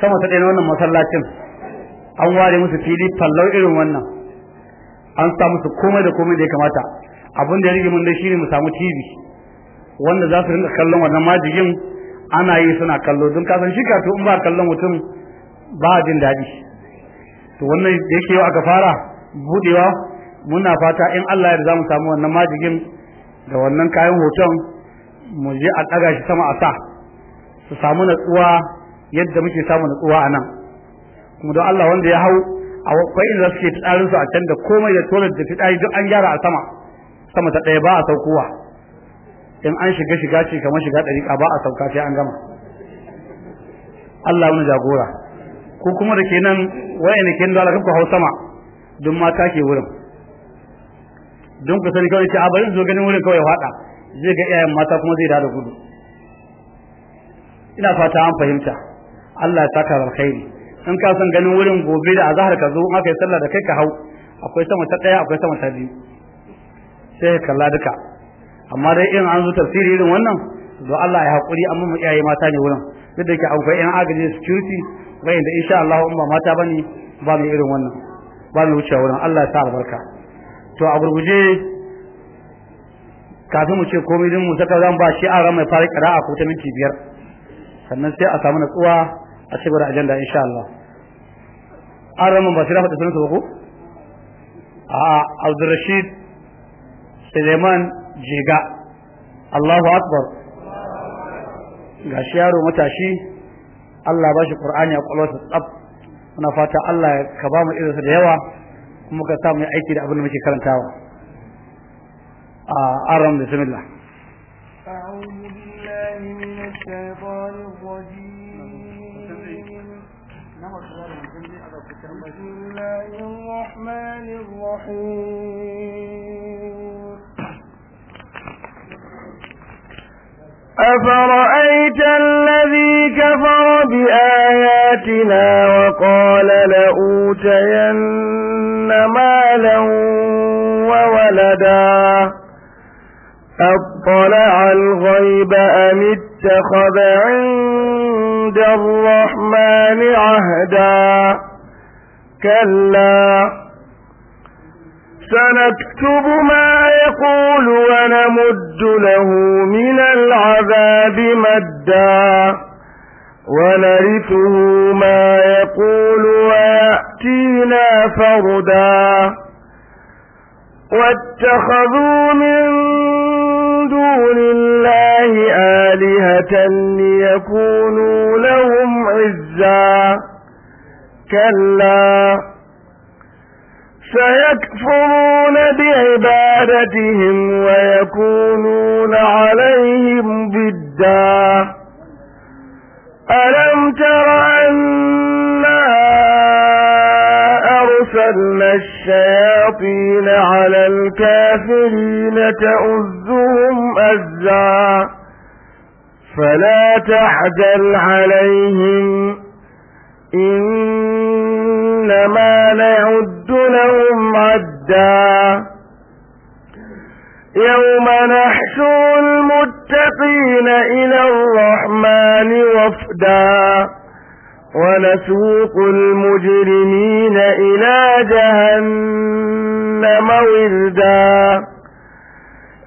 sama ta ɗaya wannan masallacin an ware musu fili fallau irin wannan an sa musu komai da komai da ya kamata abin da ya rige mun dai shine mu samu TV wanda za su rinka kallon wannan majigin ana yi suna kallo don san shi to in ba kallon mutum ba jin daɗi to wannan da yake yau aka fara budewa muna fata in Allah ya za mu samu wannan majigin da wannan kayan hoton mu je a ɗaga shi sama a sa su samu natsuwa yadda muke samu nutsuwa a nan kuma don Allah wanda ya hau a wakwai inda suke fitsarinsu a can da komai da tolar da fitsari duk an gyara a sama sama ta ɗaya ba a saukowa in an shiga shiga ce kamar shiga ɗariƙa ba a sauka sai an gama Allah wani jagora ko kuma da kenan waye ne kenan dole ku hau sama don mata ke wurin don ku sani kawai ce a bari zo ganin wurin kawai faɗa zai ga iyayen mata kuma zai da gudu ina fata an fahimta Allah ya saka alkhairi in ka san ganin wurin gobe da azhar ka zo aka yi sallah da kai ka hau akwai sama ta daya akwai sama ta biyu sai ka kalla duka amma dai in an zo tafsiri irin wannan do Allah ya hakuri amma mu iyaye mata ne wurin duk da ke akwai yan agaji security bayan da insha Allah in ba mata bane ba mu irin wannan ba mu wuce wurin Allah ya sa albarka to a gurguje kafin mu ce komai din mu saka zan ba shi a ran mai fara kira'a a ta minti biyar sannan sai a samu natsuwa a ci gaba da ajanda insha Allah an ramin ba shirafa da sunansa ba ko a Abdulrashid Suleiman Jega Allahu Akbar gashi yaro matashi Allah ba shi Qur'ani a kwalwarsa tsab, muna fata Allah ka ba mu irinsa da yawa kuma ka sa mu yi aiki da abin da muke karantawa a aram bismillah أعوذ بالله من الشيطان الله الرحمن الرحيم أفرأيت الذي كفر بآياتنا وقال لأوتين مالا وولدا أطلع الغيب أم اتخذ عند الرحمن عهداً كلا سنكتب ما يقول ونمد له من العذاب مدا ونرثه ما يقول ويأتينا فردا واتخذوا من دون الله آلهة ليكونوا لهم عزاً كلا سيكفرون بعبادتهم ويكونون عليهم ضدا ألم تر أنا أرسلنا الشياطين على الكافرين تؤزهم أزا فلا تحزن عليهم إن إنما نعد لهم عدا يوم نحشر المتقين إلى الرحمن وفدا ونسوق المجرمين إلى جهنم وردا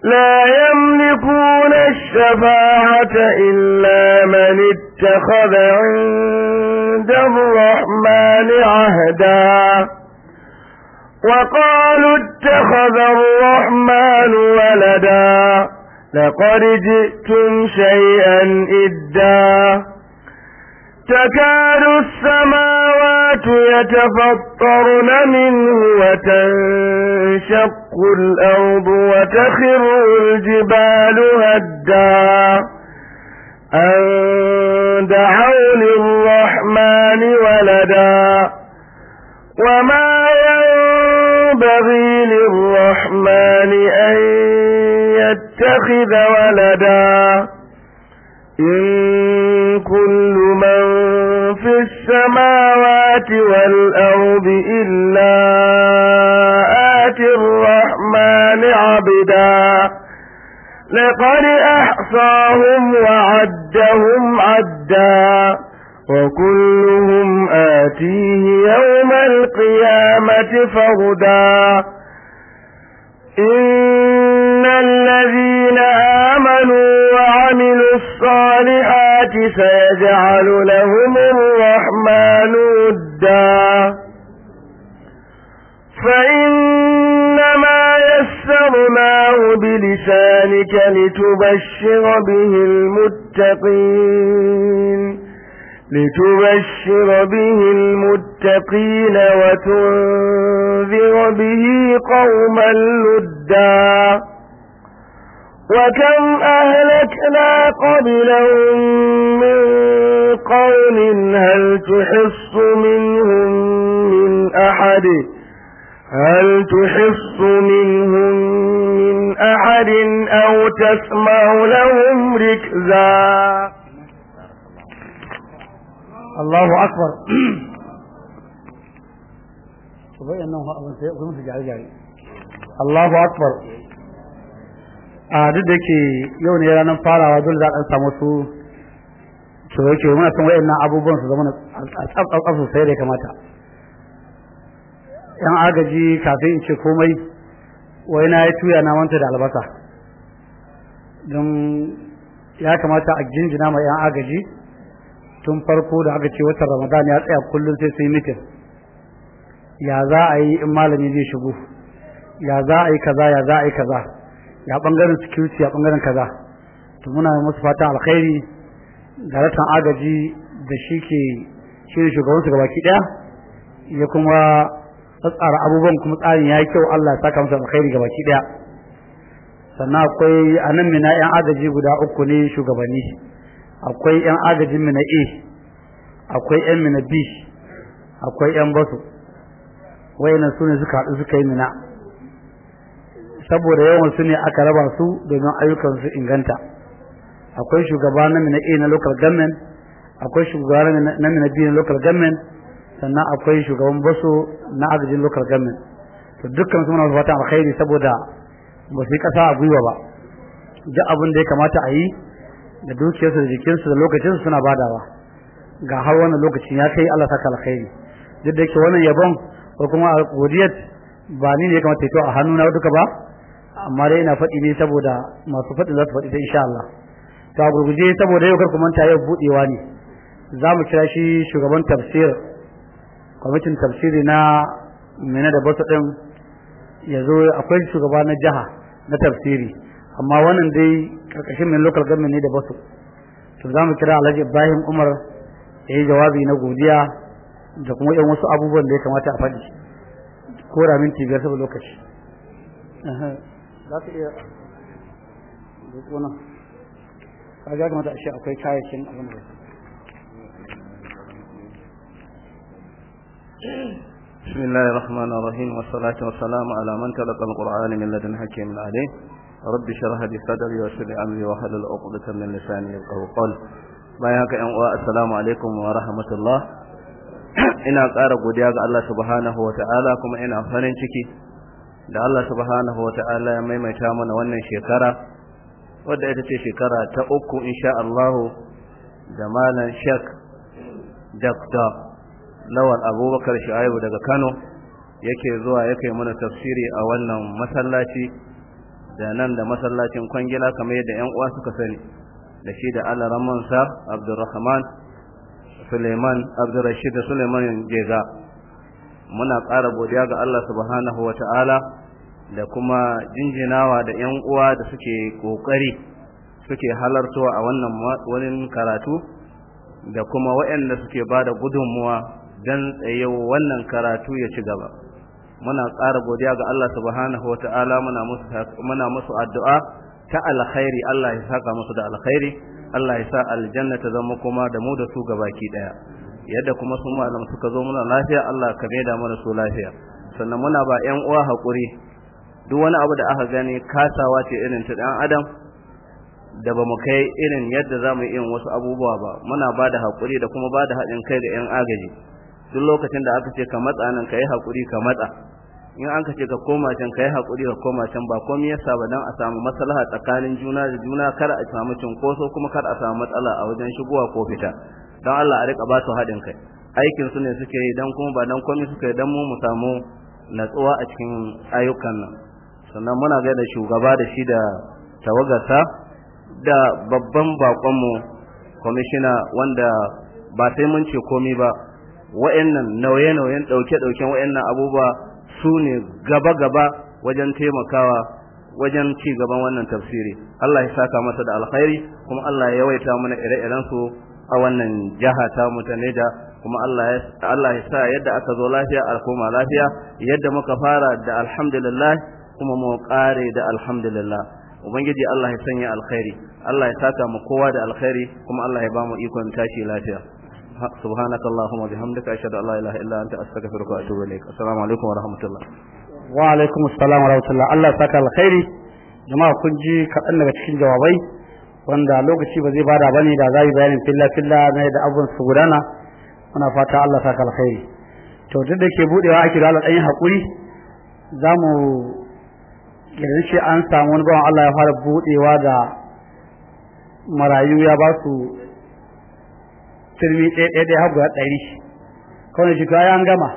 لا يملكون الشفاعة إلا من اتقى اتخذ عند الرحمن عهدا وقالوا اتخذ الرحمن ولدا لقد جئتم شيئا إدا تكاد السماوات يتفطرن منه وتنشق الأرض وتخر الجبال هدا أن دعوا للرحمن ولدا وما ينبغي للرحمن أن يتخذ ولدا إن كل من في السماوات والأرض إلا آتي الرحمن عبدا لقد أحصاهم وعد عدهم عدا وكلهم آتيه يوم القيامة فردا إن الذين آمنوا وعملوا الصالحات سيجعل لهم الرحمن ودا فإنما يسرناه بلسانك لتبشر به المتقين المتقين لتبشر به المتقين وتنذر به قوما لدا وكم أهلكنا قبلهم من قول هل تحص منهم من أحد هل تحص منهم من أحد أو تسمع لهم ركزا الله أكبر Allahu Akbar a duk da ke yau ne ranar farawa dole za a samu su to yake muna son wayannan abubuwan su zama tsaf sosai da kamata yan agaji kafin in ce komai wai na yi tuya na wanta da albasa don ya kamata a jinjina mai 'yan agaji tun farko da aka ce watan ramadan ya tsaya kullum sai sun yi mitin ya za a yi in malami zai shigo ya za a yi kaza ya za a yi kaza ya bangaren security ya bangaren kaza to muna musu fatan alkhairi da ratan agaji da shi ke shirin shugabansu baki daya ya kuma tsara abubuwan kuma tsarin ya yi kyau Allah ta kamsa masa alkhairi ga baki daya sannan akwai a nan mina yan agaji guda uku ne shugabanni akwai yan agajin mina A akwai yan mina B akwai yan basu wayannan na sune suka haɗu suka yi mina saboda yawan su ne aka raba su domin ayyukan su inganta akwai shugaba na mina A na local government akwai shugaba na mina B na local government sannan akwai shugaban basu na agajin local government to dukkan su muna fatan alkhairi saboda ba su yi kasa a gwiwa ba duk abin da ya kamata a yi da dukiyarsu da jikinsu da lokacinsu suna badawa ga har wannan lokacin ya kai Allah saka alkhairi duk da yake wannan yabon ko kuma godiyar ba ni ne ya kamata ya a na duka ba amma dai ina faɗi ne saboda masu faɗi za su faɗi ta insha Allah ta gurguje saboda yau kar ku manta yau buɗewa ne za mu kira shi shugaban tafsir kwamitin tafsiri na mene da basu ɗin ya zo akwai shugaba na jiha na tafsiri amma wannan dai karkashin min local government ne da basu to za mu kira alhaji ibrahim umar ya yi jawabi na godiya da kuma yan wasu abubuwan da ya kamata a faɗi ko ramin minti saboda lokaci za ka iya kamata a shi akwai kayayyakin abin da Bismillahirrahmanirrahim. Wassalatu wassalamu ala man talaqal Qur'ana min ladun hakim alim. Rabbi shrah li sadri wa yassir li amri wa hlul 'uqdatam min lisani yafqahu qawli. Bayaka an wa assalamu alaikum wa rahmatullah. Ina ƙara godiya ga Allah subhanahu wa kuma ina farin ciki da Allah subhanahu ta'ala ya maimaita mana wannan shekara wadda ita ce shekara ta uku insha Allah da malam Sheikh Dr. lawal abubakar sha'ibu daga kano yake zuwa ya kai mana tafsiri a wannan masallaci da nan da masallacin kwangila kamar yadda yan uwa suka sani da shi da alaramansa abdurrahman suleiman abdurrashid da suleiman jega muna ƙara godiya ga allah subhanahu wa ta'ala da kuma jinjinawa da yan uwa da suke ƙoƙari suke halartowa a wannan wani karatu da kuma waɗanda suke bada da gudunmuwa dan tsayewa wannan karatu ya ci gaba muna ƙara godiya ga Allah subhanahu wataala muna musu muna musu addu'a ta alkhairi Allah ya saka musu da alkhairi Allah ya sa aljanna ta zama kuma da mu da su gabaki daya yadda kuma su malamu suka zo muna lafiya Allah ka da mana su lafiya sannan muna ba ƴan uwa hakuri duk wani abu da aka gani kasawa ce irin ta dan adam da bamu kai irin yadda zamu yi wasu abubuwa ba muna bada da hakuri da kuma bada haɗin kai ga ƴan agaji duk lokacin da aka ce ka matsa nan ka yi haƙuri ka matsa in an ka ce ka koma can ka yi haƙuri ka koma can ba komai yasa ba don a samu maslaha tsakanin juna da juna kar a samu cunkoso kuma kar a samu matsala a wajen shigowa ko fita don Allah a riƙa ba su haɗin kai aikin su ne suke yi don kuma ba don komai suke yi don mu mu samu natsuwa a cikin ayyukan nan sannan muna ga da shugaba da shi da tawagarsa da babban baƙonmu kwamishina wanda ba sai mun ce komai ba wa'annan nauye-nauyen ɗauke-ɗauken wa'annan abubuwa su ne gaba-gaba wajen taimakawa wajen ci gaban wannan tafsiri Allah ya saka masa da alkhairi kuma Allah ya yawaita mana ire-iren su a wannan jaha ta mutane ta Neja kuma Allah ya Allah ya sa yadda aka zo lafiya al'umma lafiya yadda muka fara da alhamdulillah kuma mu kare da alhamdulillah ubangiji Allah ya sanya alkhairi Allah ya saka mu kowa da alkhairi kuma Allah ya ba mu ikon tashi lafiya سبحانك اللهم وبحمدك لا wa atubu السلام عليكم wa وعليكم السلام الله الله يسعدك Allah saka alkhairi jama'a kun ji kaɗan daga cikin jawabai wanda lokaci ba zai bada bane da zai bayanin filla filla na da abun gudana muna fata Allah saka alkhairi to duk da ke budewa ake da Allah dan hakuri zamu yanzu an samu wani bawan Allah ya fara budewa da marayu ya ba su turmi ɗaya ɗaya ɗaya har guda ɗari kawai shi kawai an gama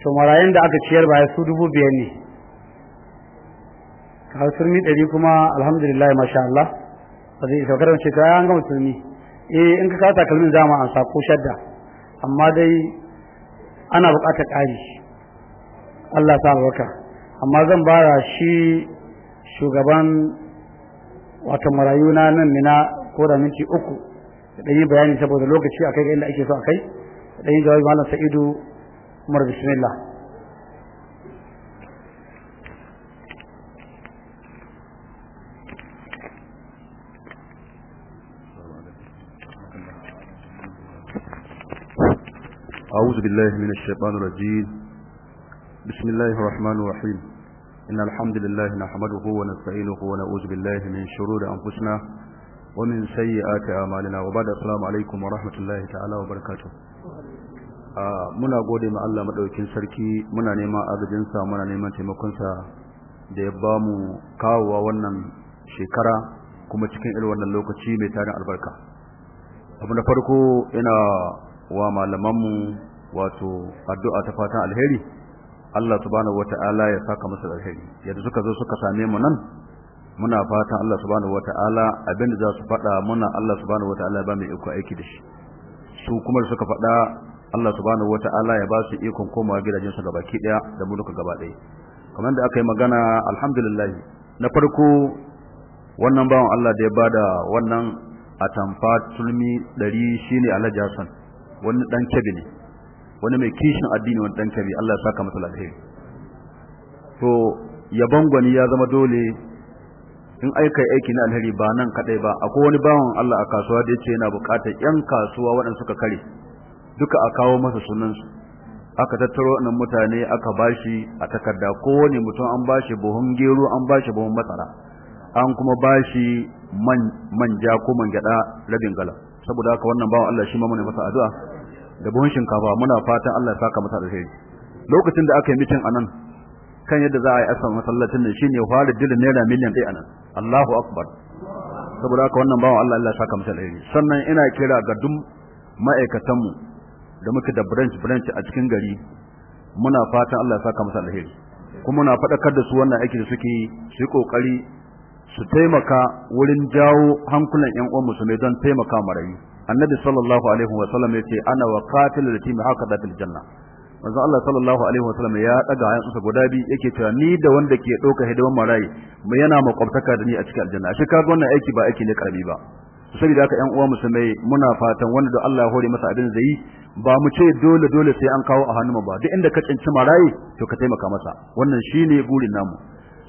to marayun da aka ciyar baya su dubu biyar ne har turmi ɗari kuma alhamdulillah masha Allah ba zai isa karan shekara an gama turmi eh in ka kawo takalmin zama a ansa shadda amma dai ana buƙatar ƙari Allah ta albarka amma zan bara shi shugaban wata marayu na nan mina ko da minti uku dai bayani saboda lokaci akai inda ake so akai dai jawabi malam Sa'idu Umar bismillah أعوذ بالله من الشيطان الرجيم بسم الله الرحمن الرحيم إن الحمد لله نحمده ونستعينه ونعوذ بالله من شرور أنفسنا ومن سيئات أعمالنا وبعد السلام عليكم ورحمة الله تعالى وبركاته muna gode ma Allah maɗaukin sarki muna neman agajinsa muna neman taimakonsa da ya bamu kawowa wannan shekara kuma cikin irin wannan lokaci mai tarin albarka abu na farko ina wa malamanmu wato addu'a ta fatan alheri Allah subhanahu wata'ala ya saka masa alheri yadda suka zo suka same mu nan muna fatan Allah subhanahu wataala abinda za su faɗa muna Allah subhanahu wataala ba mu iko aiki da shi su kuma da suka faɗa Allah subhanahu wataala ya ba su ikon komawa gidajen su gabaki daya da mulka gaba daya kamar da aka yi magana alhamdulillah na farko wannan bawan Allah da ya bada wannan atamfa tulmi 100 shine Alhaji Hassan wani dan kabi ne wani mai kishin addini wani dan kabi Allah ya saka masa lafiya to yabon gwani ya zama dole in aika aiki na alheri ba nan kadai ba akwai wani bawan Allah a kasuwa da yace yana bukatar yan kasuwa waɗanda suka kare duka a kawo masa sunansu aka tattaro nan mutane aka bashi a takarda kowane mutum an bashi buhun gero an bashi buhun matsara an kuma bashi man manja ko man gyada rabin gala saboda haka wannan bawan Allah shi ma muna masa addu'a da buhun shinkafa muna fatan Allah ya saka masa alheri lokacin da aka yi mitin anan kan yadda za a yi asar masallacin nan shine fara dilin naira miliyan ɗaya anan Allahu akbar saboda haka wannan bawan Allah Allah saka masa alheri sannan ina kira ga duk ma'aikatan mu da muke da branch branch a cikin gari muna fatan Allah saka masa alheri kuma muna faɗakar da su wannan aiki da suke yi su yi kokari su taimaka wurin jawo hankulan ƴan uwan musulmai don taimaka marayu annabi sallallahu alaihi wa sallam yace ana wa qatilul yatimi haka da janna manzo Allah sallallahu alaihi wasallam ya daga ayansa guda bi yake cewa ni da wanda ke dauka hidiman marayi mu yana makwabtaka da ni a cikin aljanna shi kaga wannan aiki ba aiki ne karami ba saboda haka ƴan uwa musulmai muna fatan wanda da Allah ya hore masa abin zai ba mu ce dole dole sai an kawo a hannun ba duk inda ka cinci marayi to ka taimaka masa wannan shine burin namu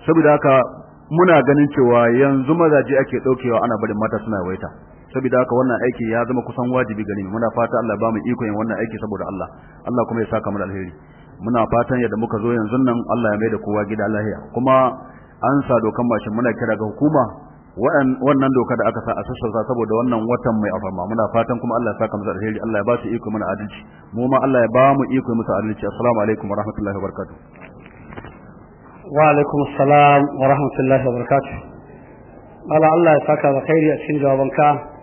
saboda haka muna ganin cewa yanzu mazaje ake ɗaukewa ana barin mata suna yawaita. saboda haka wannan aiki ya zama kusan wajibi gare mu muna fata Allah ba mu iko yin wannan aiki saboda Allah Allah kuma ya saka mu da alheri muna fatan yadda muka zo yanzu nan Allah ya mai kowa gida lahiya kuma an sa dokan mashin muna kira ga hukuma wannan doka da aka sa a sassauta saboda wannan watan mai alfarma muna fatan kuma Allah ya saka musu alheri Allah ya ba su iko mana adalci mu ma Allah ya ba mu iko musu adalci assalamu alaikum wa rahmatullahi wa wa alaikum assalam wa rahmatullahi wa barakatuh Allah Allah ya saka alheri a cikin jawabanka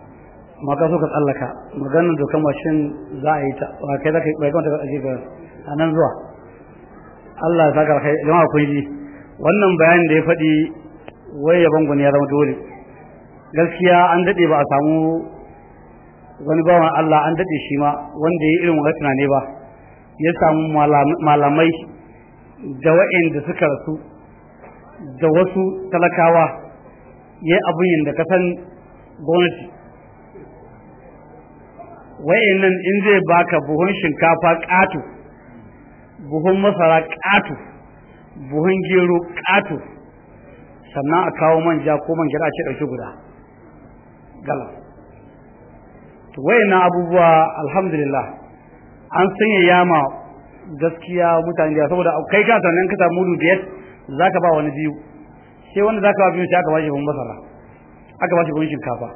maka so ka tsallaka maganar dokan mashin za a yi ta wakai za ka yi kwaikwanta kamata ka a nan zuwa Allah za ka kai jama'a kun ji wannan bayanin da ya faɗi wai ya bangon ya zama dole gaskiya an daɗe ba a samu wani bawan Allah an daɗe shi ma wanda ya yi irin wani tunani ba ya samu malamai da wa'inda suka rasu da wasu talakawa ya abin da ka san gwamnati wayannan in zai baka buhun shinkafa ƙato buhun masara ƙato buhun gero ƙato sannan a kawo manja ko man gida ce ɗauki guda gala to wayannan abubuwa alhamdulillah an sanya yama gaskiya mutane da saboda kai ka sannan ka samu mudu biyar zaka ba wani biyu sai wanda zaka ba biyu sai aka ba shi buhun masara aka ba shi buhun shinkafa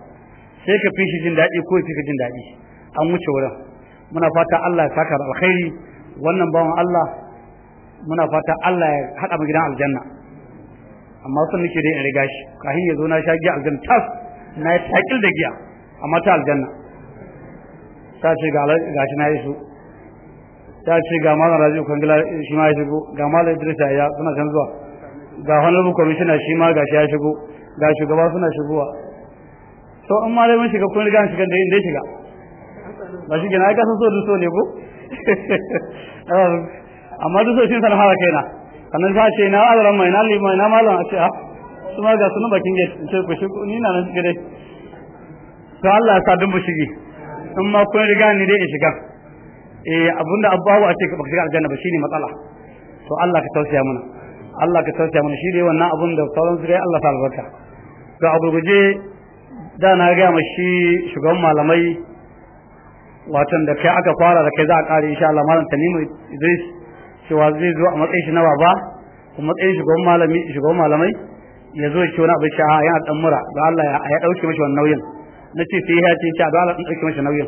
sai ka fi shi jin daɗi ko ya fi ka jin daɗi an wuce wurin muna fata Allah ya saka alkhairi wannan bawan Allah muna fata Allah ya haɗa mu gidan aljanna amma sun nake dai in riga shi kahin yazo zo na sha giya aljanna tas na yi takil da giya amma ta aljanna ta ce ga shi na yi su ta ce ga malam rajiu gila shi ma ya shigo ga malam idris ya suna can zuwa ga honorable commissioner shi ma ga shi ya shigo ga shugaba suna shigowa to amma ma dai mun shiga kun riga shiga dai inda shiga ba shi gina ka san so duso ne ko amma duso shi sana fara kaina sannan ta ce na azaran mai na limai na malam a ce a ah, su ma ga sunan bakin gate ce ku shi ni na nan shiga dai to Allah ya sa dun bu shige in ma kun riga ni dai in shiga eh da abbahu a ce ka shiga aljanna ba shine matsala to Allah ka tausaya mana Allah ka tausaya mana shi dai wannan abun da sauran su Allah ta albarka to abu guje da na ga mashi shugaban malamai watan da kai aka fara da kai za a kare insha Allah malam Tanimu Idris cewa zai zo a matsayin shi na baba kuma matsayin shugaban malami shugaban malamai ya zo ce wani abu ce a yana dan mura da Allah ya dauke mishi wannan nauyin na ce sai ya ce da Allah dan dauke mishi nauyin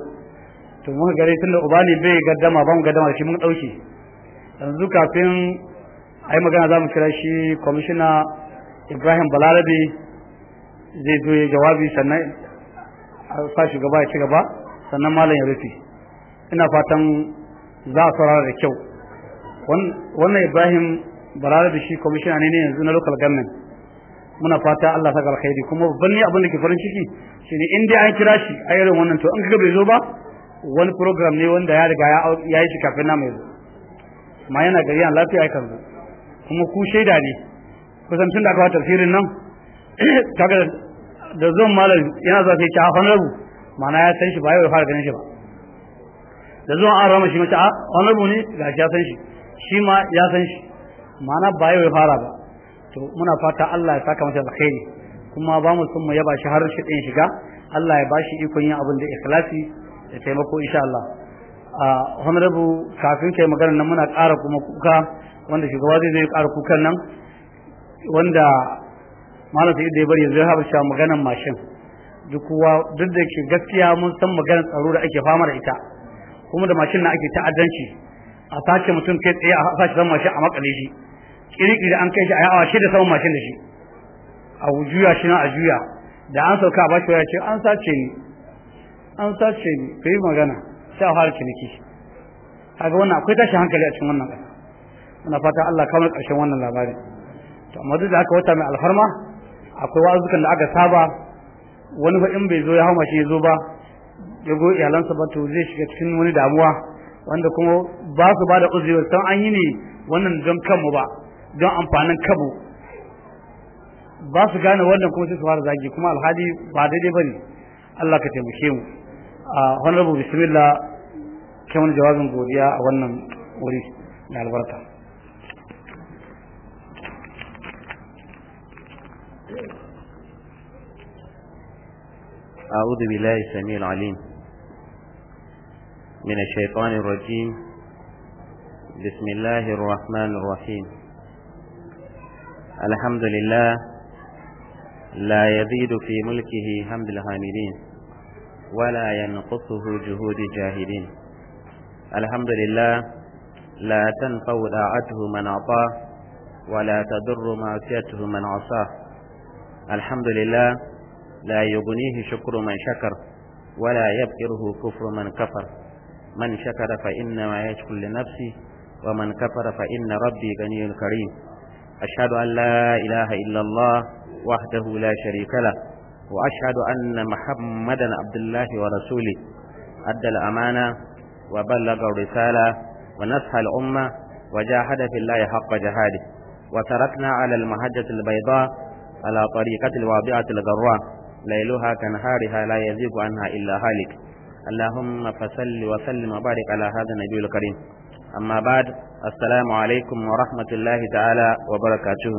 to mun gare tun da ubani bai gaddama ba mu gaddama shi mun dauke yanzu kafin a yi magana za mu kira shi kwamishina Ibrahim Balarabe zai zo ya jawabi sannan a sa gaba ya ci gaba sannan malam ya rufe ina fatan za a saurara da kyau wannan ibrahim barara da shi kwamishina ne ne yanzu na local government muna fata Allah ta alkhairi kuma babban ne abin da ke farin ciki shi ne inda an kira shi a irin wannan to an kaga bai zo ba wani program ne wanda ya riga ya yi shi kafin na mai zo ma yana gari an lafiya ya zo kuma ku shaida ne kusan tun da aka tafsirin nan kaga da zon malam yana zafi sai ta hafan rabu ma'ana ya san shi ba yau ya fara ganin shi ba da zuwa an rama shi mace a ah, wani buni ga shi ya san shi shi ma ya san shi ma'ana ba yau ya fara ba to muna fata Allah ya saka masa alkhairi kuma ba mu sun mu yaba shi har shi din shiga Allah ya bashi ikon yin abin da ikhlasi da taimako insha Allah a honorable kafin kai magana nan muna ƙara kuma kuka wanda shugaba zai zai ƙara kukan nan wanda malam sai da ya bari yanzu ya haɓa magana mashin duk kowa duk da ke gaskiya mun san maganar tsaro da ake fama da ita kuma da mashin na ake ta'addanci a sace mutum kai tsaye a sace san mashin a makale shi da an kai shi a yawa da saman mashin da shi a juya shi na a juya da an sauka ba shi ya ce an sace ni an sace ni kai magana sai a fara ciniki kaga wannan akwai tashin hankali a cikin wannan ƙasa fata Allah kawo ƙarshen wannan labarin to amma duk da aka wata mai alfarma akwai wa'azukan da aka saba wani fa bai zo ya hau shi ya zo ba ya go iyalansa ba to zai shiga cikin wani damuwa wanda kuma ba su ba da uzuri san an yi ne wannan don kanmu ba don amfanin kabu. ba su gane wannan kuma sai su fara zagi kuma alhali ba daidai ba ne, Allah ka taimake mu a honorable bismillah kai wani jawabin godiya a wannan wuri da albarka أعوذ بالله السميع العليم من الشيطان الرجيم بسم الله الرحمن الرحيم الحمد لله لا يزيد في ملكه حمد الحامدين ولا ينقصه جهود الجاهدين الحمد لله لا تنفع داعته من أعطاه ولا تضر معصيته من عصاه الحمد لله لا يغنيه شكر من شكر ولا يبكره كفر من كفر من شكر فإنما يشكر لنفسه ومن كفر فإن ربي غني كريم أشهد أن لا إله إلا الله وحده لا شريك له وأشهد أن محمدا عبد الله ورسوله أدى الأمانة وبلغ الرسالة ونصح الأمة وجاهد في الله حق جهاده وتركنا على المهجة البيضاء على طريقة الواضعة الغراء ليلها كنهارها لا يزيغ عنها إلا هالك اللهم فصل وسلم وبارك على هذا النبي الكريم أما بعد السلام عليكم ورحمة الله تعالى وبركاته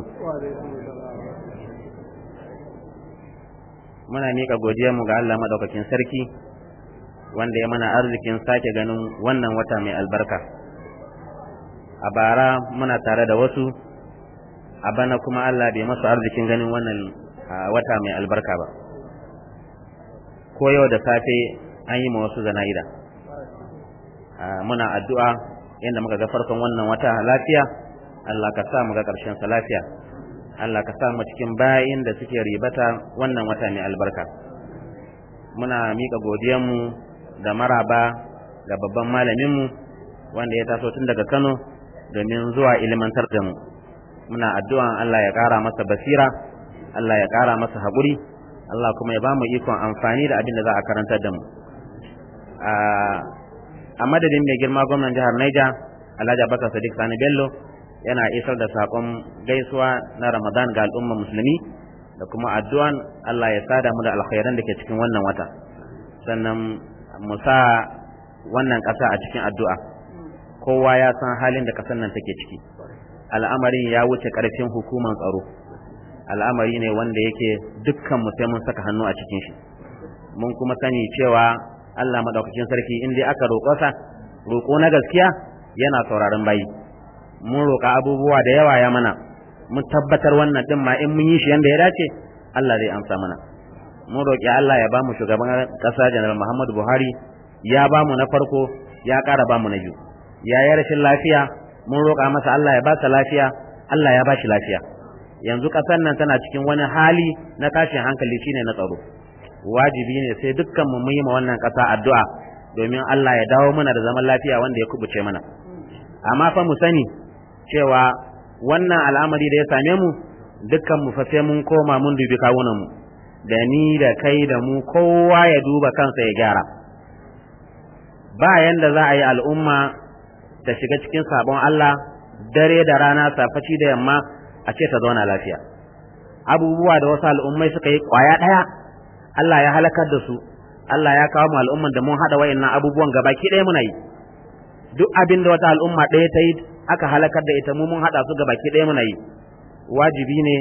muna miƙa godiyarmu ga Allah madaukakin sarki wanda ya mana arzikin sake ganin wannan wata mai albarka a bara muna tare da wasu a bana kuma Allah bai masu arzikin ganin wannan wata mai albarka ba ko yau da safe an yi ma wasu zana'ida muna addu'a yadda muka ga farkon wannan wata lafiya Allah ka sa ga ƙarshen sa lafiya Allah ka sa mu cikin bayin da suke ribata wannan wata mai albarka muna miƙa godiyanmu da maraba ga babban malaminmu wanda ya taso tun daga Kano domin zuwa ilimantar da mu muna addu'an Allah ya ƙara masa basira Allah ya ƙara masa haƙuri Allah kuma ya ba mu ikon amfani da abin da za a karantar da mu a madadin mai girma gwamnan jihar Niger Alhaji Abbas Sadiq Sani Bello yana isar da sakon gaisuwa na Ramadan ga al'umma musulmi da kuma addu'an Allah ya sada mu da alkhairan da ke cikin wannan wata sannan mu sa wannan ƙasa a cikin addu'a kowa ya san halin da ƙasar nan take ciki al'amarin ya wuce ƙarfin hukumar tsaro al'amari ne wanda yake dukkan mu sai mun saka hannu a cikin shi mun kuma sani cewa Allah madaukakin sarki in dai aka roƙo sa roƙo na gaskiya yana sauraron bayi mun roƙa abubuwa da yawa ya mana mun tabbatar wannan din ma in mun yi shi yanda ya dace Allah zai amsa mana mun roƙi Allah ya bamu shugaban ƙasa General Muhammadu Buhari ya bamu na farko ya ƙara bamu na biyu ya yi rashin lafiya mun roƙa masa Allah ya ba sa lafiya Allah ya ba shi lafiya yanzu ƙasar nan tana cikin wani hali na tashin hankali shine na tsaro wajibi ne sai dukkan mu mu yi ma wannan ƙasa addu'a domin Allah ya dawo mana da zaman lafiya wanda ya kubuce mana amma fa mu sani cewa wannan al'amari da ya same mu dukkan mu fa sai mun koma mun dubi kawunan mu da ni da kai da mu kowa ya duba kansa ya gyara ba yanda za a yi al'umma ta shiga cikin sabon Allah dare da rana safaci da yamma a ce ta zauna lafiya abubuwa da wasu al'ummai suka yi kwaya ɗaya Allah ya halakar da su Allah ya kawo mu al'umman da mun haɗa wa'annan abubuwan gabaki ɗaya muna yi duk abin da wata al'umma ɗaya ta yi aka halakar da ita mu mun haɗa su gabaki ɗaya muna yi wajibi ne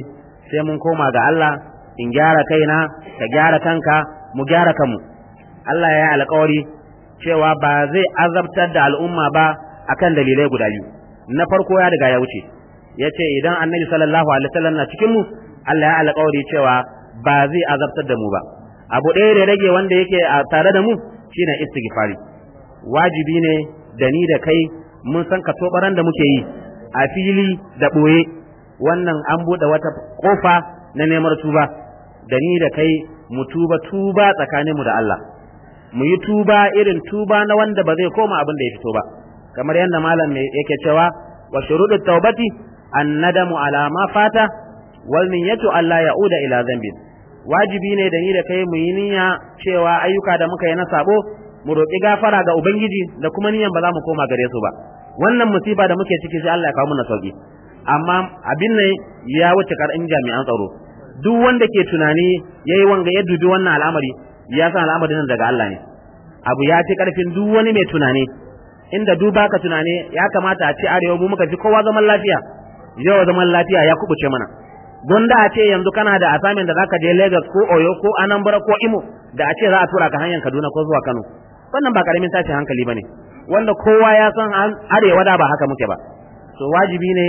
sai mun koma ga Allah in gyara kaina ka gyara kanka mu gyara kanmu Allah ya yi alƙawari cewa ba zai azabtar da al'umma ba akan dalilai guda biyu na farko ya riga ya wuce Ya ce idan annabi sallallahu alaihi wasallam na cikin mu Allah ya alƙawari cewa ba zai azabtar da mu ba abu ɗaya da rage wanda yake a tare da mu shine istighfari wajibi ne da ni da kai mun san ka tobaran da muke yi a fili da ɓoye wannan an buɗe wata ƙofa na neman tuba da ni da kai mu tuba tuba mu da Allah mu yi tuba irin tuba na wanda ba zai koma abin da ya fito ba kamar yadda malam yake cewa wa shuruɗu taubati annadamu ala ma fata wal niyyatu alla ya'uda ila dhanbin wajibi ne da ni da kai mu yi niyya cewa ayyuka da muka yi na sabo mu roƙi gafara ga ubangiji da kuma niyyan ba za mu koma gare su ba wannan musiba da muke ciki sai Allah ya kawo mana sauki amma abin ne ya wuce karin jami'an tsaro duk wanda ke tunani yayi wanga ya dubi wannan al'amari ya san al'amarin nan daga Allah ne abu ya ce karfin duk wani mai tunani inda duba ka tunani ya kamata a ci arewa mu muka fi kowa zaman lafiya yau zaman lafiya ya kubuce mana don da a ce yanzu kana da asamin da zaka je Lagos ko Oyo ko Anambra ko Imo da a ce za a tura ka hanyar Kaduna ko zuwa Kano wannan ba karamin tashin hankali bane wanda kowa ya san arewa da ba haka muke ba to wajibi ne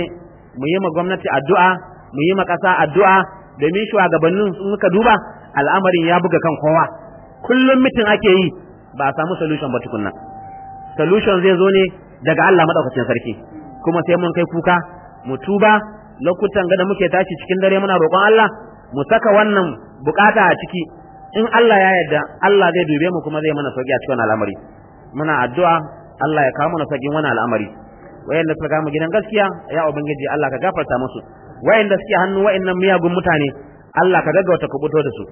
mu yi ma gwamnati addu'a mu yi ma ƙasa addu'a domin shugabannin sun suka duba al'amarin ya buga kan kowa kullum mitin ake yi ba a samu solution ba tukunna solution zai zo ne daga Allah maɗaukacin sarki kuma sai mun kai kuka mu tuba lokutan gada muke tashi cikin dare muna roƙon Allah mu saka wannan bukata a ciki in Allah ya yarda Allah zai dube mu kuma zai mana sauki a cikin al'amari muna addu'a Allah ya kawo mana saukin wannan al'amari wayanda suka kama gidan gaskiya ya ubangiji Allah ka gafarta musu wayanda suke hannu wayannan miyagun mutane Allah ka gaggauta fito da su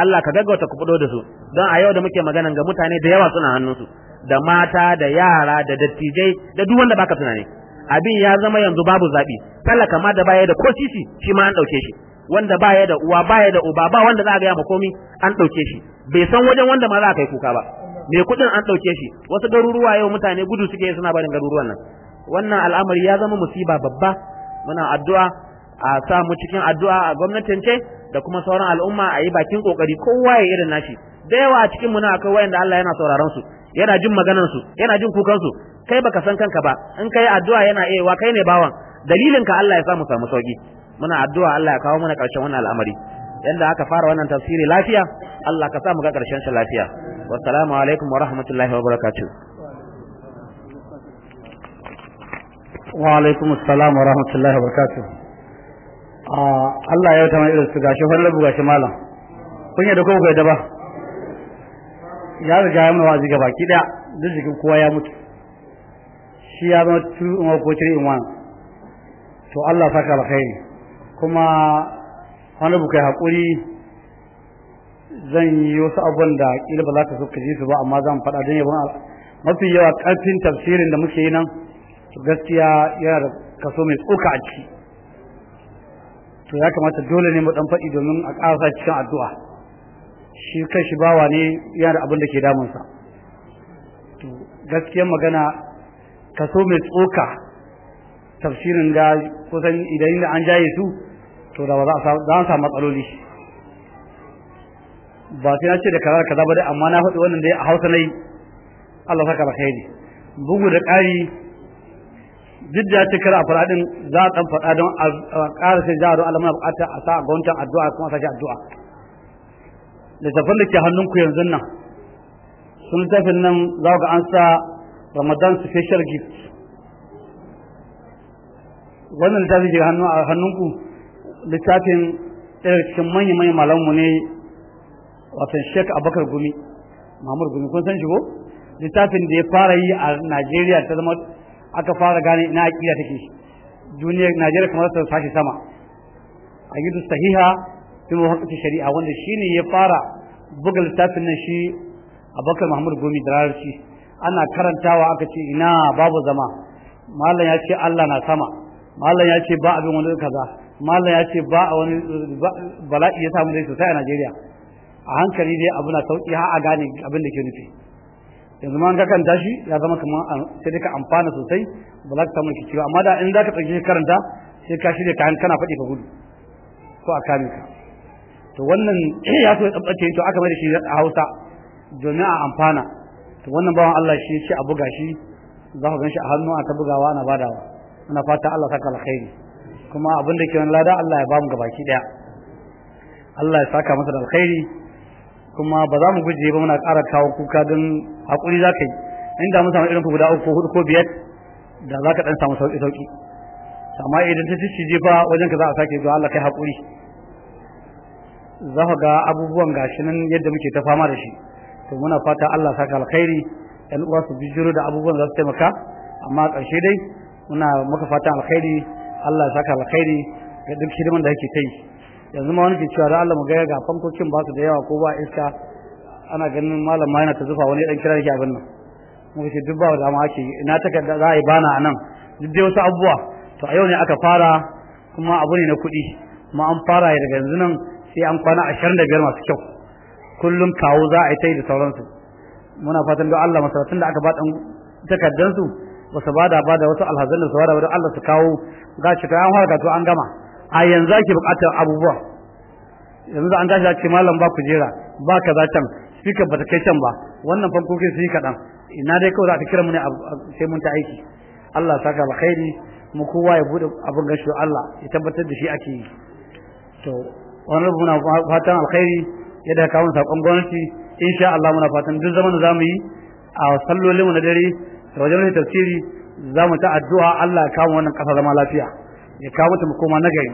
Allah ka gaggauta fito da su don a yau da muke magana ga mutane da yawa suna hannunsu da mata da yara da dattijai da duk wanda baka tunani abin ya zama yanzu babu zaɓi talaka ma da baya da ko sisi shi ma an ɗauke shi wanda baya da uwa baya da uba ba wanda za a gaya ma komi an ɗauke shi bai san wajen wanda ma za a kai kuka ba me kuɗin an ɗauke shi wasu garuruwa yau mutane gudu suke suna barin garuruwan nan wannan al'amari ya zama musiba babba muna addu'a a sa mu cikin addu'a a gwamnatin ce, da kuma sauran al'umma a yi bakin kokari kowa ya irin nashi da yawa a cikin muna akwai wayanda Allah yana sauraron su yana jin maganar su yana jin kukan su kai baka san kanka ba in kai addu'a yana wa kai ne bawan dalilin ka Allah ya samu samu sauki muna addu'a Allah ya kawo mana karshen wannan al'amari yanda aka fara wannan tafsiri lafiya Allah ka samu ga karshen shi lafiya wassalamu alaikum wa rahmatullahi wa barakatuh wa alaikum assalam wa rahmatullahi wa barakatuh ah, Allah ya tama irin su gashi wannan labu gashi malam kun yadda ko ku yadda ba ya riga ya mana wazi ga baki da duk kowa ya mutu shi ya zama 2 ma ko 3 in to Allah saka alkhairi kuma wani buka hakuri zan yi wasu abubuwan da kila ba za ta so ka su ba amma zan faɗa don yabon mafi yawa ƙarfin tafsirin da muke yi nan gaskiya yana da kaso mai tsoka a ciki to ya kamata dole ne mu dan faɗi domin a ƙarasa cikin addu'a shi kai shi bawa ne yana da abin da ke damunsa gaskiyar magana kaso mai tsoka tafsirin ga kusan idan da an jaye su to da ba za a samu matsaloli ba sai na ce da karar kaza ba dai amma na faɗi wannan dai a Hausa na yi Allah saka alkhairi bugu da ƙari duk da ce kira a fara za a ɗan faɗa don a ƙara sai za a don Allah muna buƙata a sa a gwamnatin addu'a kuma a sake addu'a littafin da ke hannunku yanzu nan sun tafi nan za ga an sa ramadan special gift wannan da zai hannu a hannunku littafin ɗaya cikin manyan manyan malamu ne wato shek abakar gumi mamur gumi kun san shi ko littafin da ya fara yi a najeriya ta zama aka fara gane ina aƙida take duniya najeriya kamar ta sashi sama a gidu sahiha fi mawakati shari'a wanda shine ya fara buga littafin nan shi abakar mahmud gumi da rarci ana karantawa aka ce ina babu zama mallan ya ce Allah na sama mallan ya ce ba abin wani kaza mallan ya ce ba a wani bala'i ya samu dai sosai a Najeriya a hankali dai abu na sauki har a gane abin da ke nufi yanzu ma ka kanta shi ya zama kamar sai ka amfana sosai ba za ka samu rikici ba amma da in za ka ɗauki karanta sai ka shirya kayan kana faɗi ka gudu ko a kame ka to wannan ya so ya tsabtace to aka mai da shi a Hausa domin a amfana to wannan bawan Allah shi ce a buga shi za ku ganshi a hannu a ta bugawa ana badawa ana fata Allah saka alkhairi kuma abin da ke wani lada Allah ya bamu gabaki daya Allah ya saka masa da alkhairi kuma ba za mu guje ba muna ƙara kawo kuka don hakuri za ka yi inda mun samu irin ku guda uku hudu ko biyar da za ka dan samu sauki sauki amma idan ta ci je fa wajen ka za a sake zuwa Allah kai hakuri za ka ga abubuwan gashi nan yadda muke ta fama da shi to muna fata Allah saka alkhairi ɗan uwa su bijiro da abubuwan za su taimaka amma ƙarshe dai muna maka fata alkhairi Allah saka alkhairi ga duk hidiman da yake kai yanzu ma wani ke cewa da Allah mu gaya ga fankokin ba su da yawa ko ba iska ana ganin malam ma yana ta zufa wani dan kira yake abin nan muka ce duk ba da ma ake ina takarda za a yi bana anan duk dai wasu abubuwa to a yau ne aka fara kuma abu ne na kuɗi kuma an fara daga yanzu nan sai an kwana ashirin da biyar masu kyau kullum kawo za a yi ta yi da sauransu muna fatan don Allah masarautun da aka ba ɗan takardansu ba su ba da ba da wasu alhazan da su ba da wadda Allah su kawo ga shi ta an harka to an gama a yanzu ake buƙatar abubuwa yanzu an tashi ake malam ba kujera ba ka za can speaker ba ta kai can ba wannan fankokin su yi kaɗan ina dai kawai za ka kira mu ne sai mun ta aiki Allah saka ba khairi mu kowa ya buɗe abin gashi Allah ya tabbatar da shi ake yi to wani na fatan alkhairi yadda kawo sakon gwamnati insha Allah muna fatan duk zaman da zamu yi a sallolin mu na dare da wajen tafsiri zamu ta addu'a Allah ya kawo wannan kasa zama lafiya ya kawo ta mu koma nagari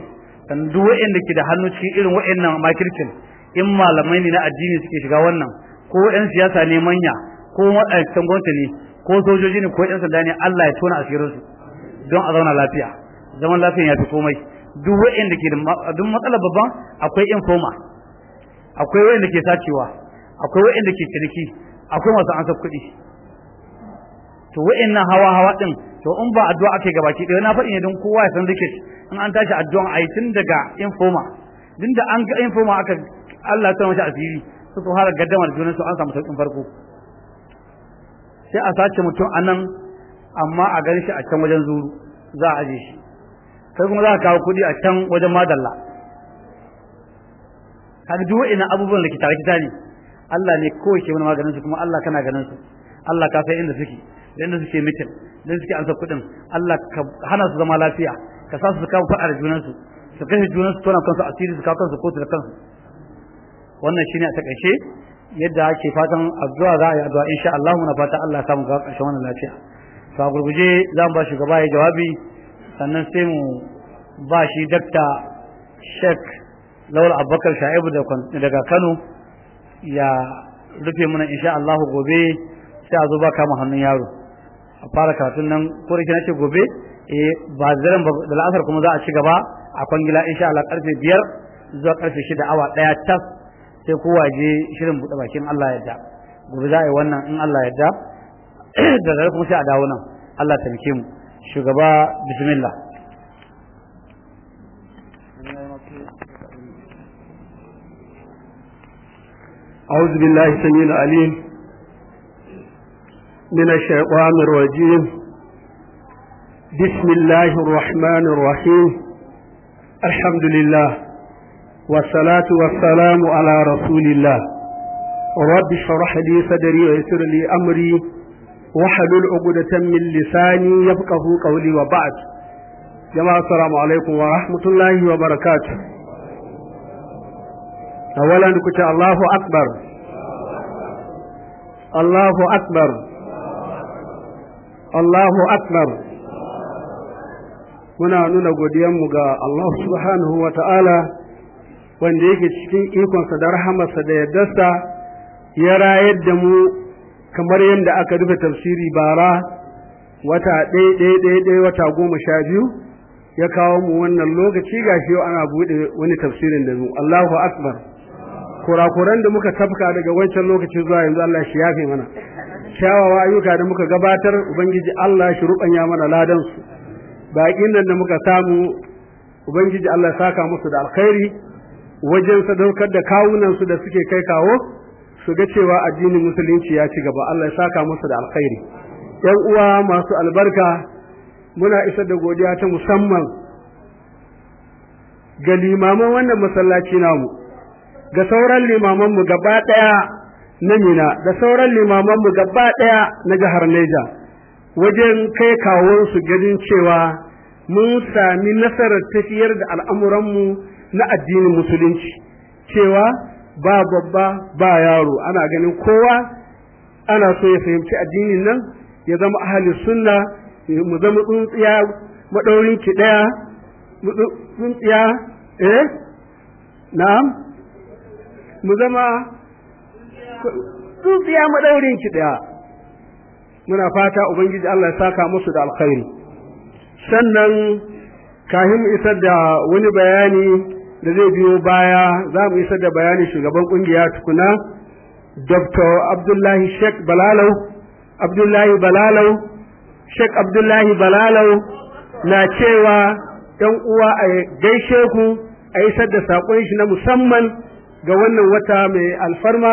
dan duk wanda ke da hannu cikin irin wayannan makirkin in malamai ne na addini suke shiga wannan ko yan siyasa ne manya ko ma'aikatan gwamnati ne ko sojoji ne ko ƴan sanda ne Allah ya tona asirin su don a zauna lafiya zaman lafiya ya fi komai duk da ke da duk matsalar babban akwai informa akwai wanda ke sacewa akwai wanda ke ciniki akwai masu ansa kuɗi to wayannan hawa hawa din to in ba addu'a ake gabaki dai na faɗi ne don kowa ya san rikit in an tashi addu'a ai tun daga informa din da an ga informa aka Allah ta mashi asiri su su har gaddama da junan su an samu sauƙin farko sai a sace mutum a nan amma a gani shi a can wajen zuru za a aje shi kai kuma za ka kawo kuɗi a can wajen madalla kaga duk ina abubuwan da kitare kitare Allah ne ko yake mana maganin su kuma Allah kana ganin su Allah ka sai inda suke da inda suke mitin da suke ansa kuɗin Allah ka hana su zama lafiya ka sa su kawo faɗa da junan su su kai junan su tona kansu asiri su kawo kansu kotu da kansu wannan shine a takaice yadda ake fatan addu'a za a yi addu'a insha Allah muna fata Allah samu ga karshen wannan lafiya to a gurguje za mu ba gaba ya jawabi sannan sai mu ba shi dakta Sheikh lawal abubakar sha'ibu daga kano ya rufe mana insha Allah gobe sai a zo ba kama hannun yaro a fara karatun nan ko da nace gobe eh ba zaran ba da la'asar kuma za a ci gaba a kwangila insha Allah karfe biyar zuwa karfe shida awa ɗaya tas sai kowa je shirin buɗe bakin Allah ya da gobe za a yi wannan in Allah ya da da zarar kuma sai a dawo nan Allah ta mu shugaba bismillah أعوذ بالله السميع العليم من الشيطان الرجيم بسم الله الرحمن الرحيم الحمد لله والصلاة والسلام على رسول الله رب اشرح لي صدري ويسر لي أمري واحلل عقدة من لساني يفقه قولي وبعد جماعة السلام عليكم ورحمة الله وبركاته اولا كنت الله akbar الله اكبر الله اكبر muna nuna mu ga Allah subhanahu wa ta'ala wanda yake cikin ikonsa da rahamarsa da yardarsa ya rayar da mu kamar yadda aka rufe tafsiri bara wata ɗaya wata goma sha biyu ya kawo mu wannan lokaci ga shi ana buɗe wani tafsirin da mu Allahu Akbar kurakuran da muka tafka daga wancan lokaci zuwa yanzu Allah shi yafe mana kyawawa ayyuka da muka gabatar ubangiji Allah shi rubanya mana ladan su baƙin nan da muka samu ubangiji Allah saka musu da alkhairi wajen sadaukar da kawunan su da suke kai kawo su ga cewa addinin musulunci ya ci gaba Allah saka musu da alkhairi ƴan uwa masu albarka muna isar da godiya ta musamman ga limaman wannan masallaci namu ga sauran limamanmu gaba ɗaya na mina da sauran limamanmu gaba ɗaya na jihar Neja wajen kai kawonsu ganin cewa mun sami nasarar tafiyar da al'amuranmu na addinin musulunci cewa ba babba ba yaro ana ganin kowa ana so ya fahimci addinin nan ya zama ahalin sunna mu zama tsuntsiya madaurin ki ɗaya tsuntsiya eh na'am mu zama tsutsiya madaurin ki daya muna fata ubangiji Allah ya saka musu da alkhairi sannan kahin isar da wani bayani da zai biyo baya za mu isar da bayani shugaban kungiya tukuna Dr. Abdullahi Sheikh Balalau Abdullahi Balalau Sheikh Abdullahi Balalau na cewa ɗan uwa a gaishe ku a isar da saƙon shi na musamman ga wannan wata mai alfarma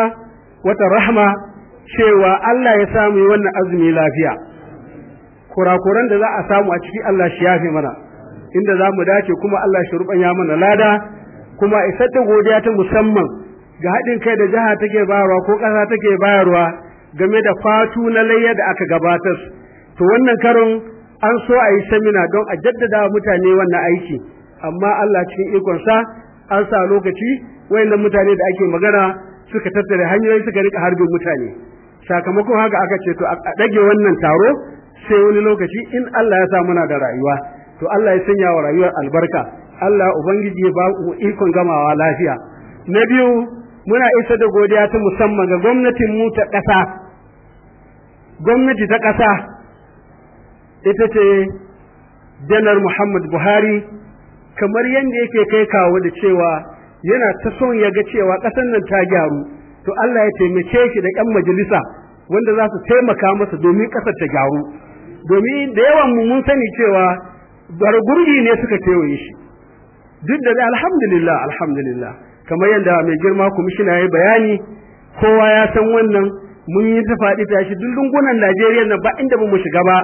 wata rahma cewa Allah ya samu wannan azumi lafiya kurakuran da za a samu a ciki Allah shi yafe mana inda za mu dace kuma Allah shi ya mana lada kuma isar ta godiya ta musamman ga haɗin kai da jiha take bayarwa ko ƙasa take bayarwa game da fatu na layya da aka gabatar to wannan karon an so a yi samina don a jaddada mutane wannan aiki amma Allah cikin ikonsa an sa lokaci wayannan mutane da ake magana suka tattare hanyoyi suka rika harbin mutane sakamako haka aka ce to a dage wannan taro sai wani lokaci in Allah ya sa muna da rayuwa to Allah ya sanya wa rayuwar albarka Allah ubangiji ya ba mu ikon gamawa lafiya na biyu muna isa da godiya ta musamman ga gwamnatin mu ta ƙasa gwamnati ta ƙasa ita ce janar Muhammad Buhari kamar yadda yake kai kawo da cewa yana ta son ya ga cewa ƙasar nan ta gyaru to Allah ya taimake shi da ƴan majalisa wanda za su taimaka masa domin ƙasar ta gyaru domin da yawan mu mun sani cewa gurgurgi ne suka tewaye shi duk da alhamdulillah alhamdulillah kamar yadda mai girma kwamishina ya yi bayani kowa ya san wannan mun yi ta faɗi tashi duk lungunan Najeriya na ba inda ba mu shiga ba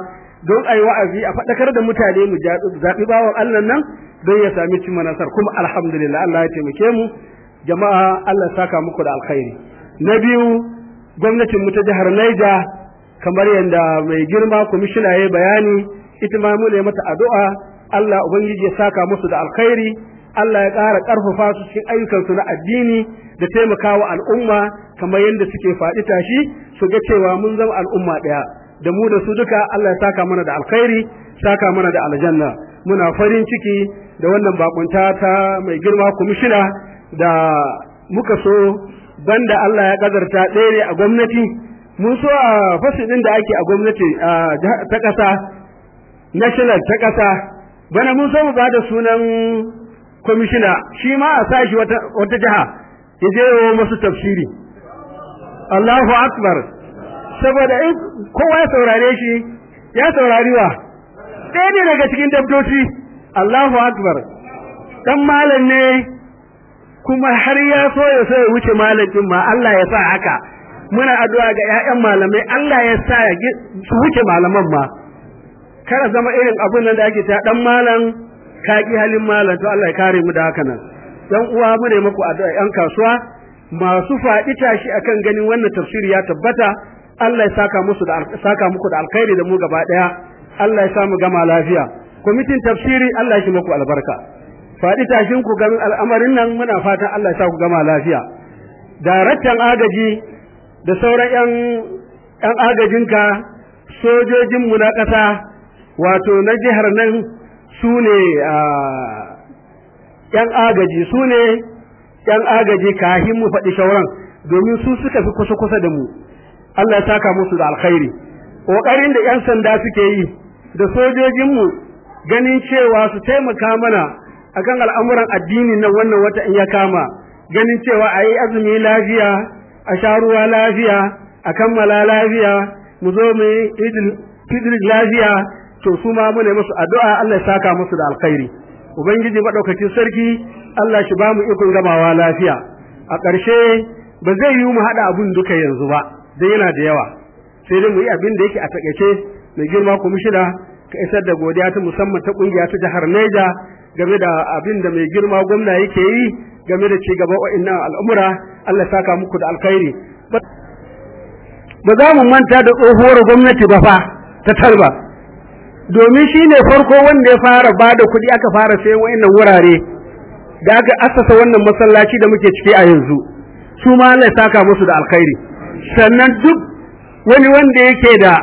don a yi wa'azi a faɗakar da mutane mu zaɓi bawon Allah nan don ya sami cin manasar kuma alhamdulillah Allah ya taimake mu jama'a Allah ya saka muku da alkhairi na biyu gwamnatin mu ta jihar Naija kamar yadda mai girma kwamishina ya bayani ita ma mu ne mata addu'a Allah ubangiji ya saka musu da alkhairi Allah ya ƙara ƙarfafa su cikin ayyukansu na addini da taimakawa al'umma kamar yadda suke faɗi tashi su ga cewa mun zama al'umma ɗaya da mu da su duka Allah ya saka mana da alkhairi saka mana da aljanna muna farin ciki da wannan bakunta ta mai girma kumishina da muka so banda Allah ya kadarta dare a gwamnati mun so a fasidin da ake a gwamnati ta ƙasa national ta ƙasa bana mun so mu bada sunan kwamishina shi ma a sa shi wata jiha ya je masu tafsiri Allahu akbar saboda in kowa ya saurare shi ya saurari wa ɗaya ne daga cikin dabdoci Allahu akbar dan malam ne kuma har ya so ya so ya wuce malamin ma Allah ya sa haka muna addu'a ga ƴaƴan malamai Allah ya sa ya wuce malaman ma kada zama irin abin nan da ake ta dan malam ka ki halin malam to Allah ya kare mu da haka nan dan uwa mu ne muku addu'a ƴan kasuwa masu faɗi tashi akan ganin wannan tafsiri ya tabbata Allah ya saka musu da saka muku da alkhairi da mu gaba daya Allah ya sa mu gama lafiya committee tafsiri Allah ya muku albarka faɗi tashin ku ga al'amarin nan muna fatan Allah ya sa ku gama lafiya daraktan agaji da sauran yan yan agajinka sojojin mu na ƙasa wato na jihar nan su ne yan agaji su ne yan agaji kahin mu faɗi shauran domin su suka fi kusa kusa da mu Allah ya saka musu da alkhairi kokarin da yan sanda suke yi da sojojin mu ganin cewa su taimaka mana akan al'amuran addini nan wannan wata in ya kama ganin cewa a yi azumi lafiya a sha ruwa lafiya a kammala lafiya mu zo mu yi idil lafiya to su ma mune musu addu'a Allah ya saka musu da alkhairi ubangiji madaukakin sarki Allah shi ba mu ikon gamawa lafiya a ƙarshe ba zai yi mu haɗa abun duka yanzu ba dai yana da yawa sai dai mu yi abin da yake a takaice mai girma shida ka isar da godiya ta musamman ta kungiya ta jihar Neja game da abin da mai girma gwamna yake yi game da ci gaba wa'annan al'umura Allah saka muku da alkhairi ba za mu manta da tsohuwar gwamnati ba fa ta tarba domin shi ne farko wanda ya fara ba da kuɗi aka fara sayan wa'annan wurare da aka assasa wannan masallaci da muke ciki a yanzu su ma Allah saka musu da alkhairi sannan duk wani wanda yake da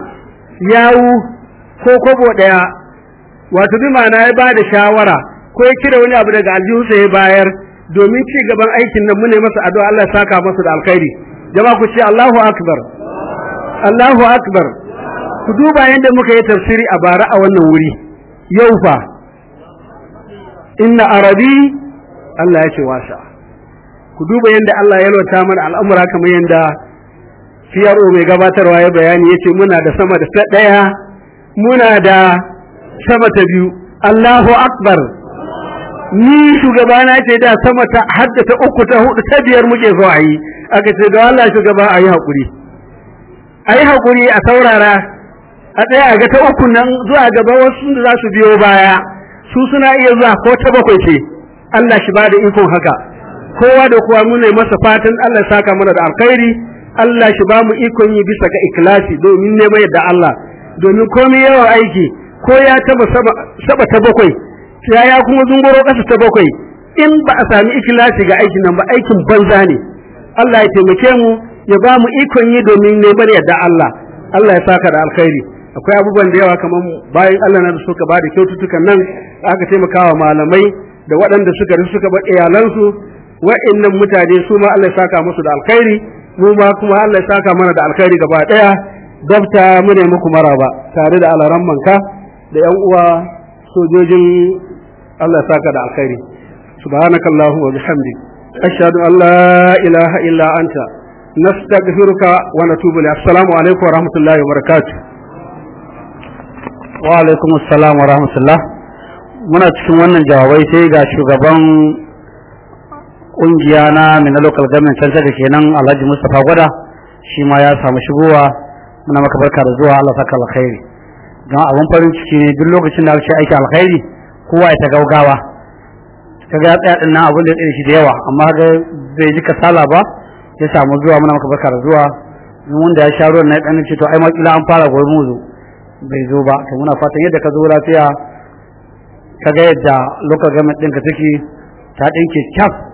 yawu ko kobo ɗaya wato bi ma'ana ya bada shawara ko ya kira wani abu daga aljihunsa ya bayar domin ci gaban aikin nan mune masa addu'a Allah ya saka masa da alkhairi jama'a ku ce Allahu akbar Allahu akbar ku duba yadda muka yi tafsiri a bara a wannan wuri yau fa inna arabi Allah ya ce wasa ku duba yanda Allah ya lota mana al'amura kamar yanda CRO mai gabatarwa ya bayani ya ce muna da sama da ɗaya muna da sama ta biyu Allahu Akbar ni shugaba na ce da sama ta hadda ta uku ta hudu ta biyar muke zuwa yi aka ce ga Allah shugaba a yi haƙuri a yi haƙuri a saurara a tsaya ga ta uku nan zuwa gaba wasu da za su biyo baya su suna iya zuwa ko ta bakwai ce Allah shi bada da ikon haka kowa da kowa muna masa fatan Allah saka mana da alkhairi Allah shi ba mu ikon yi bisa ga ikilasi domin neman yadda Allah domin komai yawa aiki ko ya taba saba ta bakwai ya kuma zungoro kasa ta bakwai in ba a sami ikilasi ga aikin nan ba aikin banza ne Allah ya taimake mu ya ba mu ikon yi domin neman yadda Allah Allah ya saka da alkhairi akwai abubuwan da yawa kamar bayan Allah na da suka ba da kyaututtukan nan aka taimakawa malamai da waɗanda suka rufe suka bar iyalansu wa'annan mutane su ma Allah ya saka musu da alkhairi mu ma kuma Allah ya saka mana da alkhairi gaba daya dabta mu ne muku maraba tare da alaran manka da yan uwa sojojin Allah ya saka da alkhairi subhanakallahu wa bihamdik ashhadu an la ilaha illa anta nastaghfiruka wa natubu ilayk assalamu alaikum wa rahmatullahi wa barakatuh wa alaikum assalam wa rahmatullah muna cikin wannan jawabai sai ga shugaban Ƙungiya na mina local government center da kenan Alhaji Mustapha Gwada shi ma ya samu shigowa muna maka barka da zuwa Allah saka alkhairi don abin farin ciki ne duk lokacin da ake aiki alkhairi kowa ya ta gaugawa kaga ga tsaya ɗin nan abin da ya tsaye shi da yawa amma ga bai ji kasala ba ya samu zuwa muna maka barka da zuwa wanda ya sha ruwan na ɗan ce to ai ma kila an fara goyi muzu bai zo ba to muna fatan yadda ka zo lafiya kaga yadda lokacin government ɗinka take ta ɗinke kyaf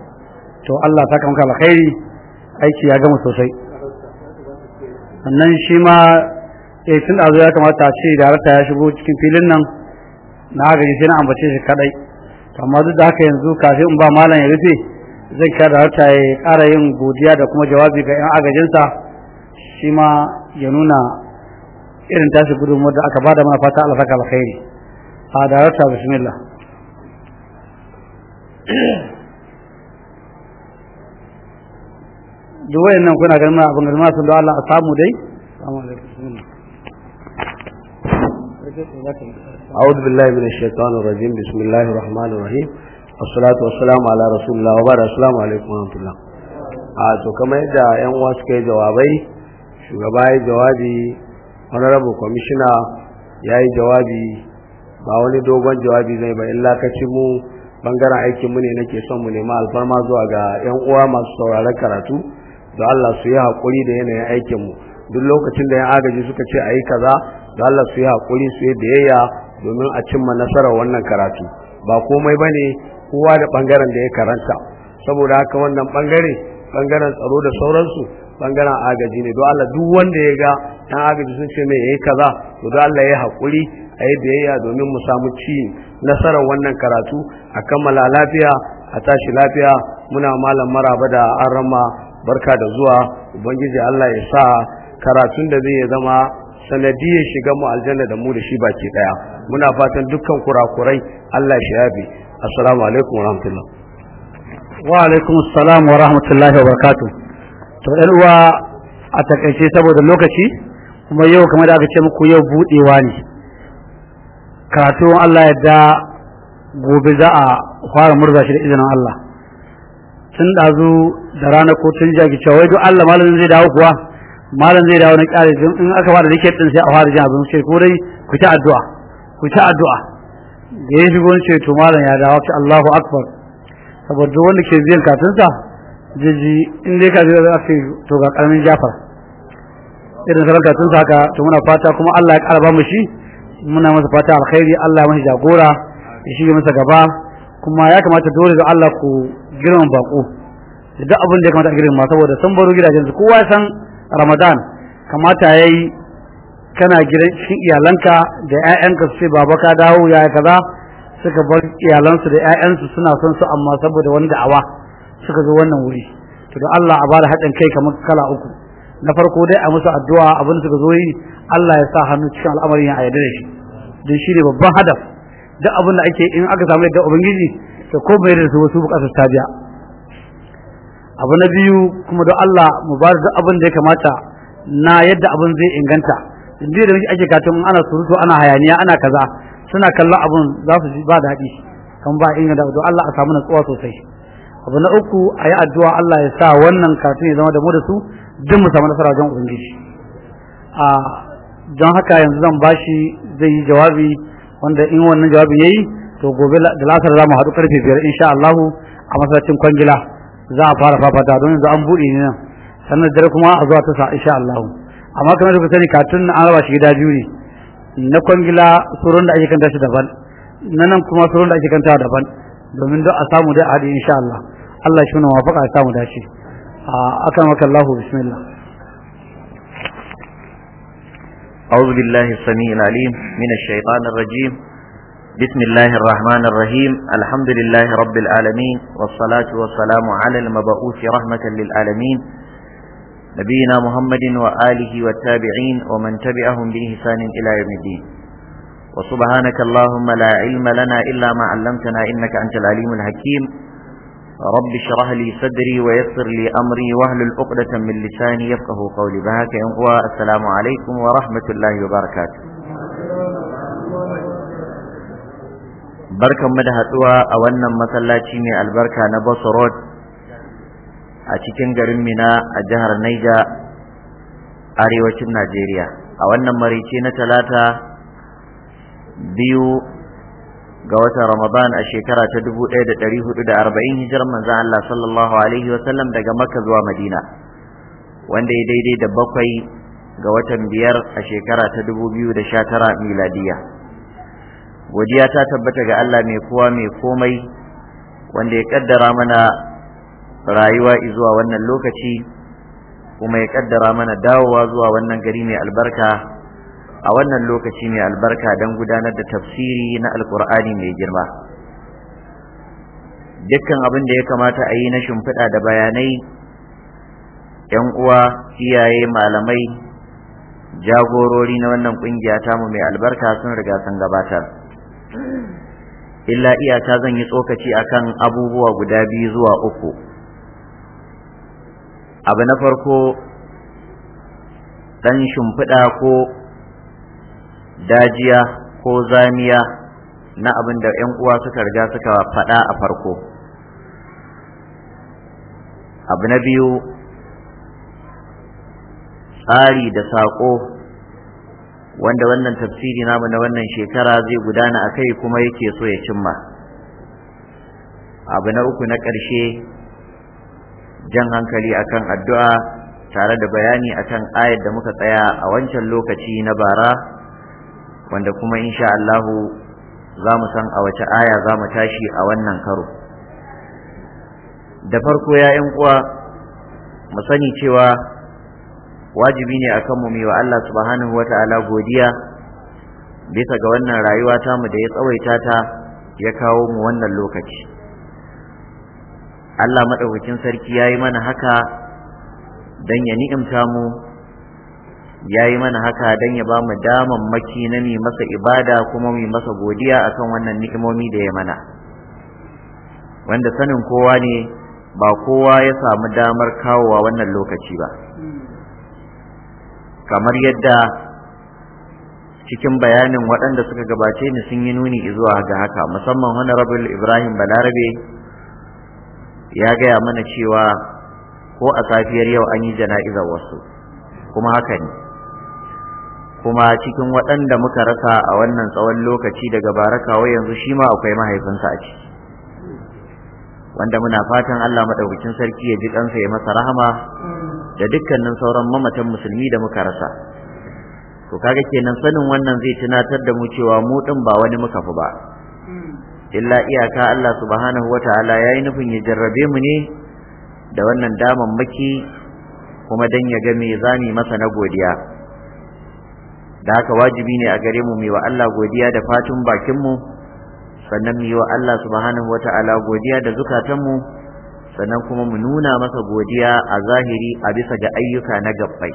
to Allah ta maka alkhairi aiki ya gama sosai sannan shi ma eh tun da ya kamata a ce darata ya shigo cikin filin nan na gani sai na ambace shi kadai amma duk da haka yanzu kafin in ba malam ya rufe zai kira darata ya kara yin godiya da kuma jawabi ga yan agajinsa shi ma ya nuna irin tashi gudunmuwar da aka da mana fata Allah saka alkhairi a darata bismillah duk wayannan kuna ganin abin da ma sun da Allah a samu dai assalamu alaikum أعوذ بالله من الشيطان الرجيم بسم الله الرحمن الرحيم والصلاة والسلام على رسول ala'ikum wa السلام عليكم to kamar yadda yan uwa suka yi jawabai shugaba ya jawabi honorable kwamishina ya yi jawabi ba wani dogon jawabi zai ba illa ka ci mu bangaren aikin mu ne nake son mu ma alfarma zuwa ga yan uwa masu sauraron karatu da Allah su yi haƙuri da yanayin aikinmu duk lokacin da ya agaji suka ce a yi kaza da Allah su yi haƙuri su yi biyayya domin a cimma nasarar wannan karatu ba komai ba ne kowa da ɓangaren da ya karanta saboda haka wannan ɓangare ɓangaren tsaro da sauransu ɓangaren agaji ne don Allah duk wanda ya ga ɗan agaji sun ce mai ya yi kaza to don Allah ya yi haƙuri a yi biyayya domin mu samu ci nasarar wannan karatu a kammala lafiya a tashi lafiya muna malam maraba da an rama barka da zuwa ubangiji Allah ya sa karatun da zai zama sanadi ya shiga mu aljanna da mu da shi baki daya muna fatan dukkan kurakurai Allah shi yabe assalamu alaikum wa rahmatullah wa alaikum assalam wa rahmatullahi wa barakatuh to dan uwa a takaice saboda lokaci kuma yau kamar da aka ce muku yau budewa ne karatun Allah ya da gobe za a fara murza shi da izinin Allah tun ɗazu da rana ko tun jagi cewa wai duk Allah malamin zai dawo kuwa malam zai dawo na ƙare in aka fara rike din sai a fara jin abin sai ko dai ku ta addu'a ku ta addu'a da ya shigo ce to malam ya dawo ta Allahu akbar saboda wanda ke biyan katunsa jiji in dai ka biya za to ga karamin jafar irin sarar katunsa haka to muna fata kuma Allah ya ƙara ba mu shi muna masa fata alkhairi Allah ya mashi jagora ya shige masa gaba kuma ya kamata dole da Allah ku girman bako da duk abin da ya kamata a girma saboda sun baro gidajen su kowa san ramadan kamata ya yi kana gidan cikin iyalanka da 'ya'yanka su ce baba ka dawo ya kaza suka bar iyalansu da 'ya'yansu suna son su amma saboda wani da'awa suka zo wannan wuri to da Allah a bada haɗin kai kamar kala uku na farko dai a musu addu'a abin suka zo yi Allah ya sa hannu cikin al'amarin ya ayyade da shi don shi ne babban hadaf duk abin da ake in aka samu yadda ubangiji to ko bai da su wasu bukatar ta biya abu na biyu kuma don Allah mu ba da abin da ya kamata na yadda abin zai inganta inda da muke ake katon ana surutu ana hayaniya ana kaza suna kallon abun za su ba daɗi kan ba inganta don Allah a samu natsuwa sosai abu na uku ayi addu'a Allah ya sa wannan katin ya zama da mu da su duk mu samu nasara don ubangiji a don haka yanzu zan bashi zai yi jawabi wanda in wannan jawabi yi. to gobe da lasar za mu haɗu karfe biyar insha Allahu a masallacin kwangila za a fara fafata don yanzu an buɗe ne nan sannan dare kuma a zuwa tasa insha Allahu amma kamar da ku sani katun an raba shi gida biyu ne na kwangila tsoron da ake kanta shi daban na nan kuma tsoron da ake kanta daban domin don a samu dai a haɗu insha Allah Allah shi wani wafaka a samu dace a akan maka Allahu bismillah أعوذ بالله السميع العليم من الشيطان الرجيم بسم الله الرحمن الرحيم الحمد لله رب العالمين والصلاة والسلام على المبعوث رحمة للعالمين نبينا محمد وآله والتابعين ومن تبعهم بإحسان إلى يوم الدين وسبحانك اللهم لا علم لنا إلا ما علمتنا إنك أنت العليم الحكيم رب اشرح لي صدري ويسر لي أمري وهل الأقدة من لساني يفقه قولي بهاك يا السلام عليكم ورحمة الله وبركاته mu da hatsuwa a wannan masallaci ne albarka na Basrot a cikin garin Mina a jihar Naija arewacin Najeriya a wannan marice na talata biyu ga watan Ramadan a shekara ta 1440 hijirar manzon Allah sallallahu alaihi sallam daga Makka zuwa Madina wanda ya daidai da bakwai ga watan biyar a shekara ta 2019 miladiya. godiya ta tabbata ga Allah mai kowa mai komai wanda ya kaddara mana rayuwa zuwa wannan lokaci kuma ya kaddara mana dawowa zuwa wannan gari mai albarka a wannan lokaci mai albarka don gudanar da tafsiri na alkur'ani mai girma dukkan abin da ya kamata a yi na shimfiɗa da bayanai yan uwa iyaye malamai jagorori na wannan kungiya tamu mai albarka sun riga sun gabatar illa iyaka zan yi tsokaci akan abubuwa guda biyu zuwa uku abu na farko ɗan shimfiɗa ko dajiya ko zamiya na abin da 'yan uwa suka riga suka faɗa a farko abu na biyu tsari da saƙo wanda wannan tafsiri namu na wannan shekara zai gudana a kai kuma yake so ya cimma abu na uku na ƙarshe jan hankali akan addu'a tare da bayani akan ayar da muka tsaya a wancan lokaci na bara wanda kuma insha Allahu za mu san a wace aya za mu tashi a wannan karo da farko ya uwa mu sani cewa wajibi ne a kanmu mai wa Allah subhanahu wata'ala godiya bisa ga wannan rayuwa ta mu da ya tsawaita ta ya kawo mu wannan lokaci Allah madaukakin sarki ya yi mana haka don ya ni'imta mu ya yi mana haka don ya ba mu damammaki na mi masa ibada kuma mi masa godiya akan wannan ni'imomi da ya mana wanda sanin kowa ne ba kowa ya samu damar kawowa wannan lokaci ba kamar yadda cikin bayanin waɗanda suka gabace ni sun yi nuni zuwa ga haka musamman wani ibrahim balarabe ya gaya mana cewa ko a safiyar yau an yi jana'izar wasu kuma haka ne kuma cikin waɗanda muka rasa a wannan tsawon lokaci daga barakawa yanzu shi ma akwai mahaifinsa a ciki wanda muna fatan allah maɗaukakin sarki ya ji kansa ya masa rahama da dukkanin sauran mamatan musulmi da muka rasa to kaga kenan sanin wannan zai tunatar da mu cewa mu din ba wani muka fi ba illa iyaka Allah subhanahu wataala yayi nufin ya jarrabe mu ne da wannan daman maki kuma dan ya ga me zani masa na godiya da haka wajibi ne a gare mu mu wa Allah godiya da fatun bakin mu sannan mu wa Allah subhanahu wataala godiya da zukatan mu sannan kuma mu nuna masa godiya a zahiri a bisa ga ayyuka na gabbai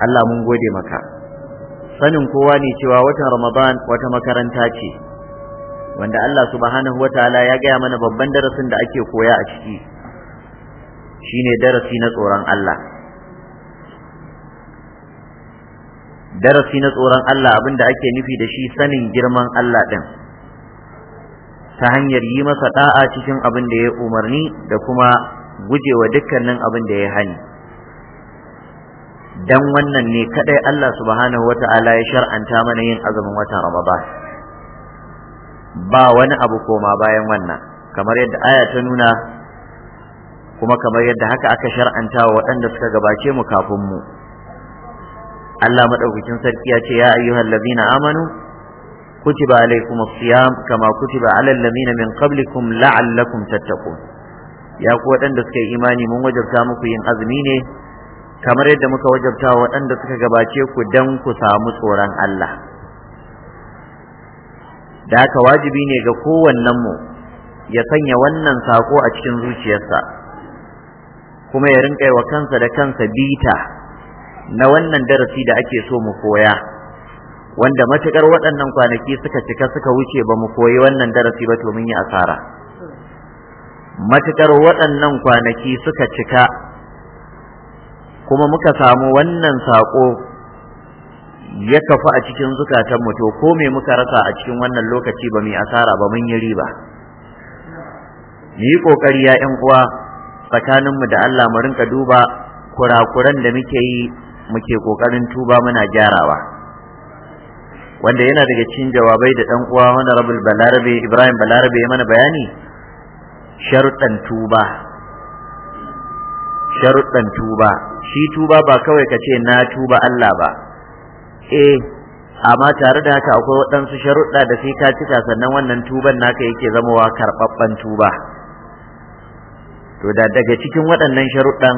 Allah mun gode maka sanin kowa ne cewa watan Ramadan wata makaranta ce wanda Allah subhanahu wataala ya gaya mana babban darasin da ake koya a ciki shine darasi na tsoron Allah darasi na tsoron Allah abinda ake nufi da shi sanin girman Allah din ta hanyar yi masa da'a cikin abin da ya umarni da kuma gujewa dukkanin abin da ya hani dan wannan ne kadai Allah subhanahu wata'ala ya shar'anta mana yin azumin wata Ramadan ba wani abu koma bayan wannan kamar yadda aya ta nuna kuma kamar yadda haka aka shar'anta wa waɗanda suka gabace mu kafin mu Allah madaukakin sarki ya ce ya ayyuhal ladina amanu kutiba alaikum as-siyam kama kutiba alal ladina min qablikum la'allakum tattaqun ya ku wadanda suka imani mun wajabta muku yin azumi ne kamar yadda muka wajabta wa suka gabace ku dan ku samu tsoron Allah da ka wajibi ne ga kowannen mu ya sanya wannan sako a cikin zuciyarsa kuma ya rinka yi wa kansa da kansa bita na wannan darasi da ake so mu koya wanda matukar waɗannan kwanaki suka cika suka wuce ba mu koyi wannan darasi ba to mun yi asara matukar waɗannan kwanaki suka cika kuma muka samu wannan saƙo ya kafa a cikin zukatan mu to ko me muka rasa a cikin wannan lokaci ba mu asara ba mun yi riba yi ƙoƙari ya ƴan uwa mu da Allah mu rinka duba kurakuran da muke yi muke ƙoƙarin tuba muna gyarawa wanda yana daga cikin jawabai da dan uwa rabul balarabe ibrahim balarabe ya mana bayani sharuɗan tuba sharuɗan tuba shi tuba ba kawai ka ce na tuba Allah ba eh amma tare da haka akwai waɗansu sharuɗa da sai ka cika sannan wannan tuban naka yake wa karɓaɓɓen tuba to da daga cikin waɗannan sharuɗan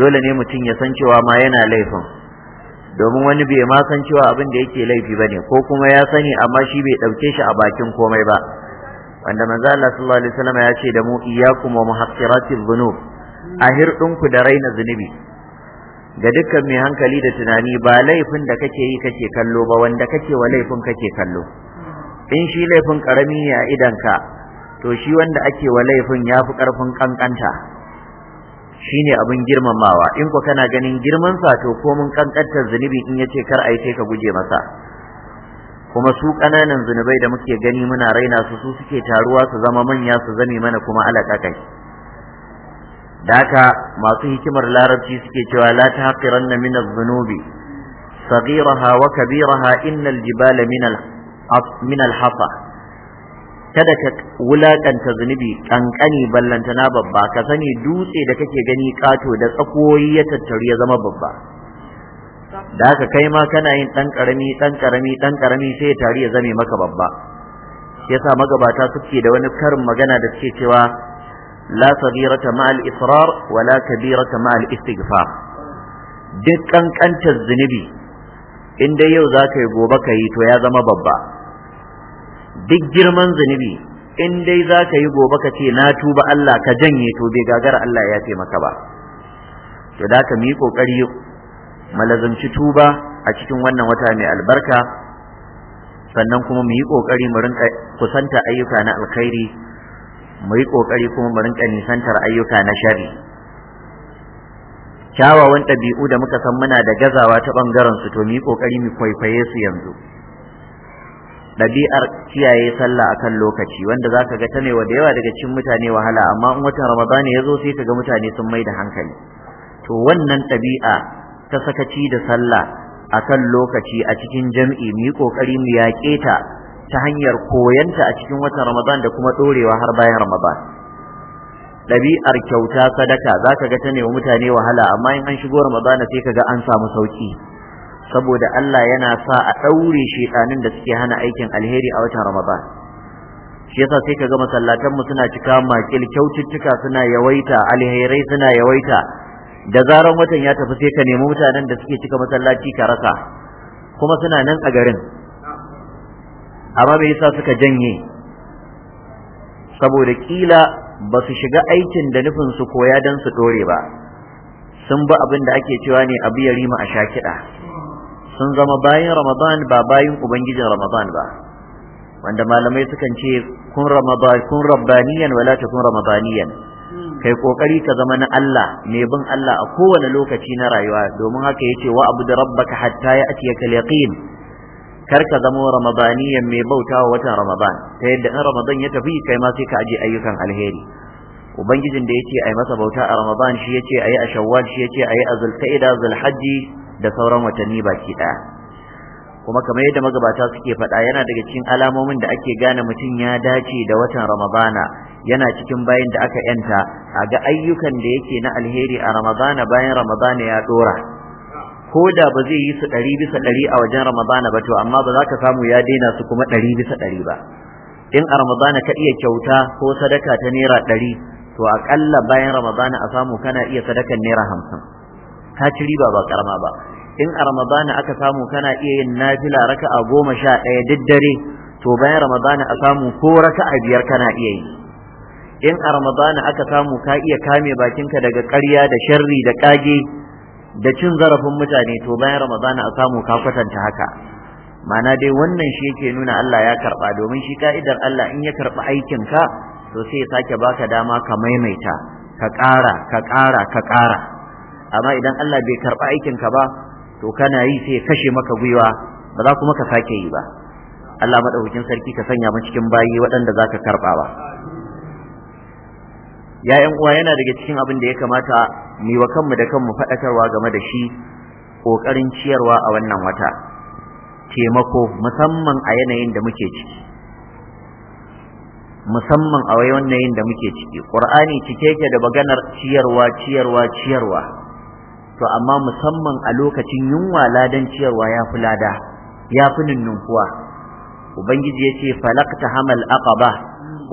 dole ne mutum ya san cewa ma yana laifin domin wani bai ma san cewa abin da yake laifi bane ko kuma ya sani amma shi bai dauke shi a bakin komai ba wanda manzo Allah sallallahu alaihi wasallam ya ce da mu iyyakum wa muhaqqiratil dhunub a hirdinku da raina zunubi ga dukkan mai hankali da tunani ba laifin da kake yi kake kallo ba wanda kake wa laifin kake kallo in shi laifin karami ne a idanka to shi wanda ake wa laifin fi karfin kankanta shine abin girmamawa in ku kana ganin girman to ko mun kankantar zunubi in yace kar ai sai ka guje masa kuma su ƙananan zunubai da muke gani muna raina su su suke taruwa su zama manya su zame mana kuma alaƙa kai da haka masu hikimar larabci suke cewa la tahqiranna na minar dhunubi saghiraha wa kabiraha innal jibala minal hafa kada ka wulakanta zunubi kankani na babba ka sani dutse da kake gani kato da tsakoyi ya tattaru ya zama babba da haka kai ma kana yin dan karami dan karami dan karami sai tari ya zame maka babba yasa magabata suke da wani karin magana da suke cewa la saghirata ma'al israr wa la kabirata ma'al istighfar duk kankantar zunubi in dai yau za yi gobe ka yi to ya zama babba duk girman zunubi in dai za ka yi gobe ka ce na tuba Allah ka janye to bai gagara Allah ya ce maka ba to da ka mi kokari malazanci tuba a cikin wannan wata mai albarka sannan kuma mu yi kokari mu rinka kusanta ayyuka na alkhairi mu yi kokari kuma mu rinka nisantar ayyuka na shari kyawawan ɗabi'u da muka san muna da gazawa ta ɓangaren su to mu yi kokari mu kwaikwaye su yanzu ɗabi'ar kiyaye sallah akan lokaci wanda za ka ga ta ne wa da yawa daga cikin mutane wahala amma in watan ramadan ya zo sai ka ga mutane sun mai da hankali to wannan ɗabi'a ta sakaci da sallah a kan lokaci a cikin jam'i mu yi ƙoƙari mu yaƙe ta ta hanyar koyanta a cikin watan ramadan da kuma ɗorewa har bayan ramadan ɗabi'ar kyauta sadaka za ka ga ta ne wa mutane wahala amma in an shigo ramadana sai ka ga an samu sauƙi saboda Allah yana sa a ɗaure shekanin da suke hana aikin alheri a watan Ramadan shi yasa sai ka masallatan mu suna cika makil kyaututtuka suna yawaita alherai suna yawaita da zaran watan ya tafi sai ka nemi mutanen da suke cika masallaci ka rasa kuma suna nan a garin amma bai yasa suka janye saboda kila ba su shiga aikin da nufin su koya don su dore ba sun bi abin da ake cewa ne abu ya rima a sha kiɗa sun zama bayan ramadan ba bayan ubangijin ramadan ba wanda malamai sukan ce kun ramadan kun rabbaniyan wala kun ramadaniyan kai kokari ka zama na Allah mai bin Allah a kowane lokaci na rayuwa domin haka yace wa abu da rabbaka hatta ya atiyaka yaqin kar ka zama ramadaniyan mai bautawa watan ramadan ta yadda in ramadan ya tafi kai ma sai ka aje ayyukan alheri ubangijin da yake ai masa bauta a ramadan shi yace ayi a shawwal shi yace ayi a zulqa'ida zulhajji da sauran watanni baki daya kuma kamar yadda magabata suke faɗa yana daga cikin alamomin da ake gane mutum ya dace da watan ramadana yana cikin bayan da aka yanta a ga ayyukan da yake na alheri a ramadana bayan ramadana ya dora ko da ba zai yi su ɗari bisa ɗari a wajen ramadana ba to amma ba za ka samu ya daina su kuma ɗari bisa ɗari ba in a ramadana ka iya kyauta ko sadaka ta naira ɗari to aƙalla bayan ramadana a samu kana iya sadakan naira hamsin ka ci riba ba karama ba in a ramadana aka samu kana iya yin nafila raka'a goma sha ɗaya daddare, to bayan ramadana a samu ko raka'a biyar kana iya yi in a ramadana aka samu ka iya kame bakinka daga ƙarya da sharri da ƙage da cin zarafin mutane to bayan ramadana a samu ka kwatanta haka mana dai wannan shi yake nuna Allah ya karɓa domin shi ka'idar Allah in ya karba aikin ka to sai ya sake baka dama ka maimaita ka ƙara ka kara ka ƙara amma idan Allah bai karɓa ka ba to kana yi sai kashe maka gwiwa ba za kuma ka sake yi ba Allah madaukakin sarki ka sanya mu cikin bayi waɗanda zaka karba ba ya uwa yana daga cikin abin da ya kamata mu wa kanmu da kanmu faɗakarwa game da shi ƙoƙarin ciyarwa a wannan wata taimako musamman a yanayin da muke ciki musamman a wai wannan yin da muke ciki qur'ani cike yake da maganar ciyarwa ciyarwa ciyarwa to amma musamman a lokacin yunwa ladan ciyarwa ya fi lada ya fi nunnunkuwa ubangiji yace falakta hamal aqaba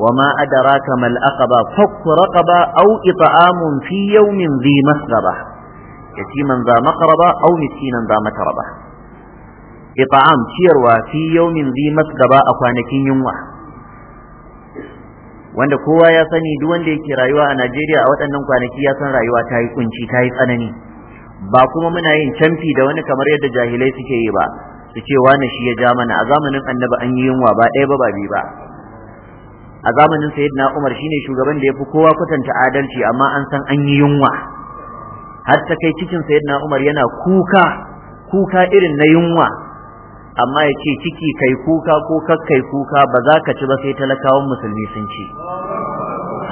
wama adraka mal aqaba fakku raqaba aw it'amun fi yawmin dhi masraba yatiman za maqraba aw miskinan za matraba it'am ciyarwa fi yawmin dhi masraba a kwanakin yunwa wanda kowa ya sani duk wanda yake rayuwa a Najeriya a waɗannan kwanaki ya san rayuwa ta yi kunci ta yi tsanani ba kuma muna yin camfi da wani kamar yadda jahilai suke yi ba su ce wani shi ya ja mana a zamanin annabi an yi yunwa ba ɗaya ba ba biyu ba a zamanin sayyidina Umar shine shugaban da ya fi kowa kwatanta adalci amma an san an yi yunwa har ta kai cikin sayyidina Umar yana kuka kuka irin na yunwa amma ya ce ciki kai kuka ko kakkai kuka ba za ka ci ba sai talakawan musulmi sun ci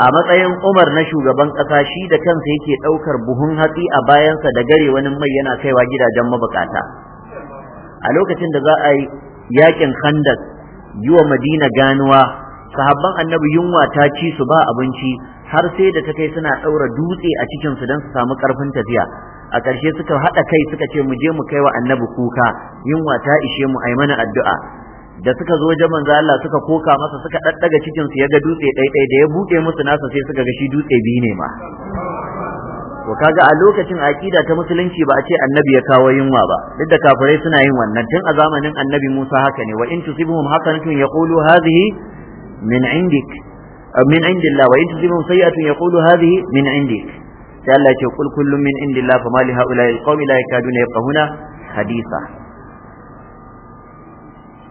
a matsayin umar na shugaban kasa, shi da kansa yake ɗaukar buhun hatsi a bayansa da gare wani mai yana kaiwa gidajen mabukata a lokacin da za a yi yakin khandak yi wa madina ganuwa sahabban annabi yunwa ta ci su ba abinci har sai da ta kai suna daura dutse a cikinsu don su samu karfin tafiya a ƙarshe suka haɗa kai suka ce mu je mu kai wa annabi kuka yunwa ta ishe mu ai mana addu'a da suka zo wajen manzo Allah suka koka masa suka daddaga cikin su ya ga dutse ɗaiɗai da ya buɗe musu nasa sai suka ga shi dutse biyu ne ma to kaga a lokacin aƙida ta musulunci ba a ce annabi ya kawo yunwa ba duk da kafirai suna yin wannan tun a zamanin annabi Musa haka ne wa in tusibuhum hasanatun yaqulu hadhihi min indik min indillah wa in tusibuhum yaqulu hadhihi min indik sai Allah ya ce kul kullum min indillah fa mali haula'i alqawmi la yakaduna yafqahuna hadisa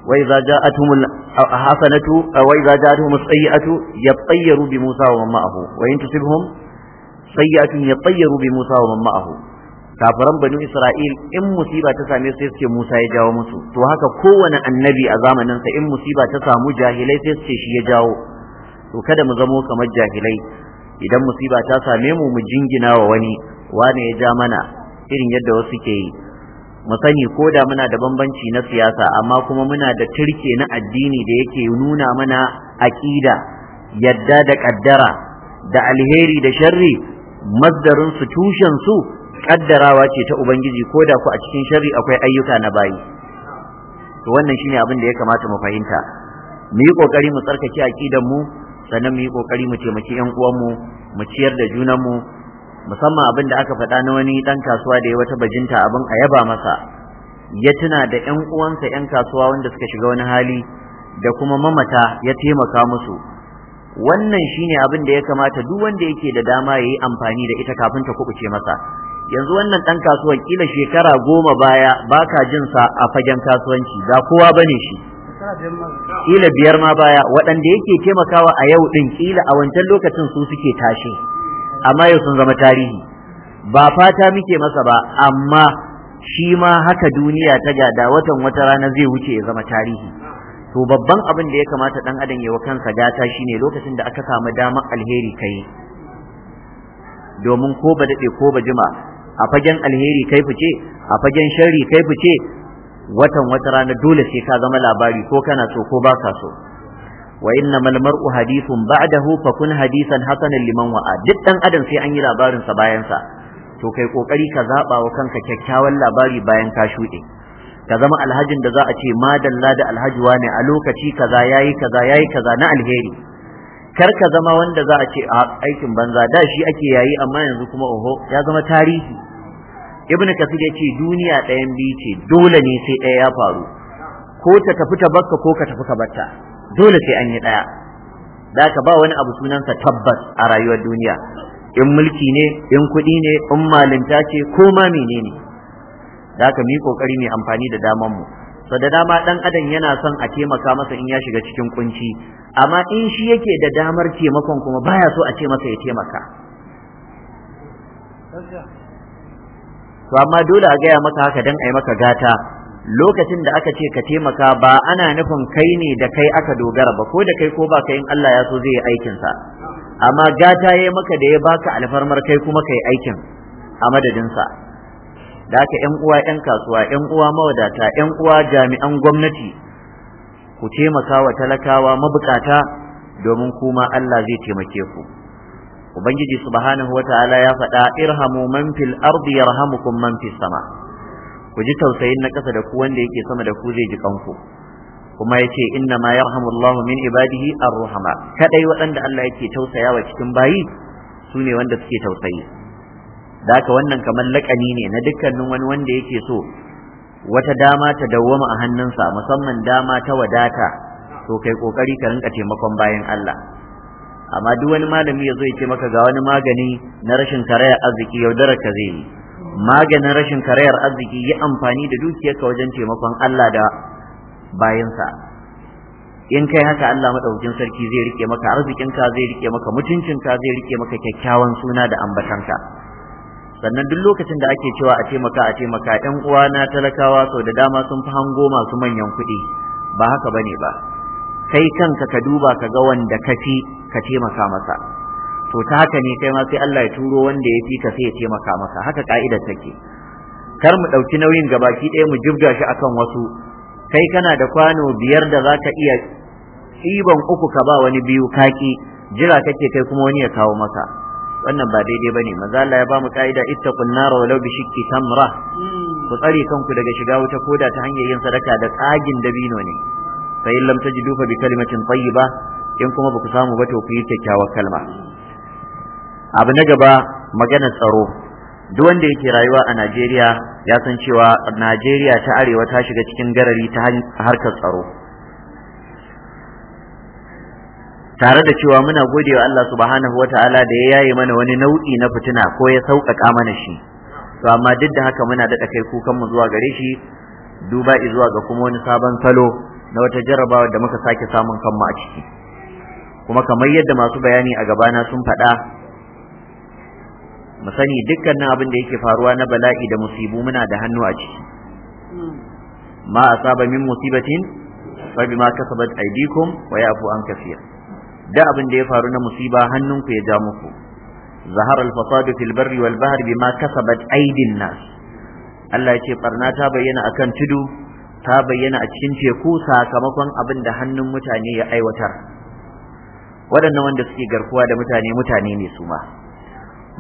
wa idza ja'atuhum hasanatu wa idza ja'atuhum sayyi'atu yatayyaru bi Musa wa man ma'ahu wa in tusibhum sayyi'atun yatayyaru bi Musa wa man ma'ahu kafiran banu Isra'il in musiba ta same su sai su ce Musa ya jawo musu to haka kowane annabi a zamanin sa in musiba ta samu jahilai sai su ce shi ya jawo to kada mu zamo kamar jahilai idan musiba ta same mu mu jingina wa wani wane ya ja mana irin yadda wasu ke yi mu sani ko da muna da bambanci na siyasa amma kuma muna da turke na addini da yake nuna mana aƙida yadda da ƙaddara da alheri da sharri masdarin su tushen su ƙaddarawa ce ta ubangiji ko da ku a cikin sharri akwai ayyuka na bayi to wannan shine abin da ya kamata mu fahimta mu yi ƙoƙari mu tsarkake aƙidan mu sannan mu yi kokari mu taimaki yan uwanmu mu ciyar da junanmu musamman abin da aka faɗa na wani ɗan kasuwa da ya wata bajinta abin a yaba masa ya tuna da yan uwansa yan kasuwa wanda suka shiga wani hali da kuma mamata ya taimaka musu wannan shine abin da ya kamata duk wanda yake da dama ya yi amfani da ita kafin ta kubuce masa yanzu wannan ɗan kasuwan kila shekara goma baya baka jinsa a fagen kasuwanci ba kowa bane shi kila biyar ma baya waɗanda yake taimakawa a yau ɗin kila a wancan lokacin su suke tashe amma yau sun zama tarihi ba fata muke masa ba amma shi ma haka duniya ta gada watan wata rana zai wuce ya zama tarihi to babban abin da ya kamata ɗan adam ya wa kansa gata shine lokacin da aka samu damar alheri kai domin ko ba daɗe ko ba jima a fagen alheri kai fice a fagen shari kai fice watan wata rana dole sai ka zama labari ko kana so ko baka so wa innamal mar'u hadithun ba'dahu fa kun hadisan hasanan liman wa'a duk dan adam sai an yi labarin sa bayan sa to kai kokari ka zaba wa kanka kyakkyawan labari bayan ka shuɗe ka zama alhajin da za a ce madalla da alhaji wane a lokaci kaza yayi kaza yayi kaza na alheri kar ka zama wanda za a ce a aikin banza da shi ake yayi amma yanzu kuma oho ya zama tarihi ibn kasir ya ce duniya ɗayan biyu ce dole ne sai ɗaya ya faru ko ta tafi ta bakka ko ka tafi ka batta dole sai an yi ɗaya da ka ba wani abu sunansa tabbas a rayuwar duniya in mulki ne in kuɗi ne in malinta ce ko ma menene da ka mi kokari mai amfani da daman mu so da dama ɗan adam yana son a taimaka masa in ya shiga cikin kunci amma in shi yake da damar taimakon kuma baya so a ce masa ya taimaka to amma dole a gaya maka haka dan ai maka gata lokacin da aka ce ka taimaka ba ana nufin kai ne da kai aka dogara ba ko da kai ko ba kai in Allah ya so zai yi aikin sa amma gata yayi maka da ya baka alfarmar kai kuma kai aikin a madadin sa da haka ƴan uwa ƴan kasuwa ƴan uwa mawadata ƴan uwa jami'an gwamnati ku taimaka wa talakawa mabukata domin kuma Allah zai taimake ku ubangiji subhanahu wataala ya faɗa irhamu man fil ardi yarhamukum man fis sama ku ji tausayin na ƙasa da ku wanda yake sama da ku zai ji kanku kuma yace inna ma yarhamullahu min ibadihi ar-ruhama kadai waɗanda Allah yake tausayawa cikin bayi su ne wanda suke tausayi da haka wannan kamar lakani ne na dukkanin wani wanda yake so wata dama ta dawwama a hannunsa musamman dama ta wadata to kai kokari ka rinka taimakon bayan Allah amma duk wani malami ya zo ya ce maka ga wani magani na rashin karayar arziki yaudarar ka zai maganin rashin karayar arziki yi amfani da ka wajen taimakon Allah da bayansa in kai haka Allah madaukakin sarki zai rike maka arzikinka zai rike maka mutuncinka zai rike maka kyakkyawan suna da ambatanka sannan duk lokacin da ake cewa a taimaka a taimaka ɗan uwa na talakawa sau da dama sun fi hango masu manyan kuɗi ba haka bane ba kai kanka ka duba ka ga wanda ka fi ka taimaka masa to ta haka ne kai ma sai Allah ya turo wanda ya fi ka sai ya taimaka masa haka ka'idar take kar mu ɗauki nauyin gabaki ɗaya mu jibga shi akan wasu kai kana da kwano biyar da za ka iya ɗiban uku ka ba wani biyu kaki jira kake kai kuma wani ya kawo maka wannan ba daidai bane maza Allah ya ba mu ka'ida ittaqun nar walau bi shikki tamra hmm. ku tsare kanku daga shiga wuta koda ta hanyar yin sadaka da tsagin dabino ne fa in lam tajidu fa bi kalimatin tayyiba in kuma baku samu ba to ku yi kyakkyawar kalma abu na gaba magana tsaro duk wanda yake rayuwa a Najeriya ya san cewa Najeriya ta arewa ta shiga cikin garari ta harkar tsaro tare da cewa muna wa Allah subhanahu wata'ala da ya yaye mana wani nau'i na fitina ko ya sauƙaƙa mana shi to amma duk da haka muna daɗa kai kukan mu zuwa gare shi duba izuwa ga kuma wani sabon salo na wata jarrabawa da muka sake samun kanmu a ciki kuma kamar yadda masu bayani a gabana sun faɗa mu sani dukkanin abin da yake faruwa na bala'i da musibu muna da hannu a ciki ma asaba min musibatin fa bima kasabat aydikum wa yafu an kaseer da abin da ya faru na musiba hannun ku ya ja muku Zahar al fasad fil barri wal bahri bima kasabat aydin nas Allah ya ce barna ta bayyana akan tudu ta bayyana a cikin teku sakamakon abin da hannun mutane ya aiwatar waɗannan wanda suke garkuwa da mutane mutane ne su ma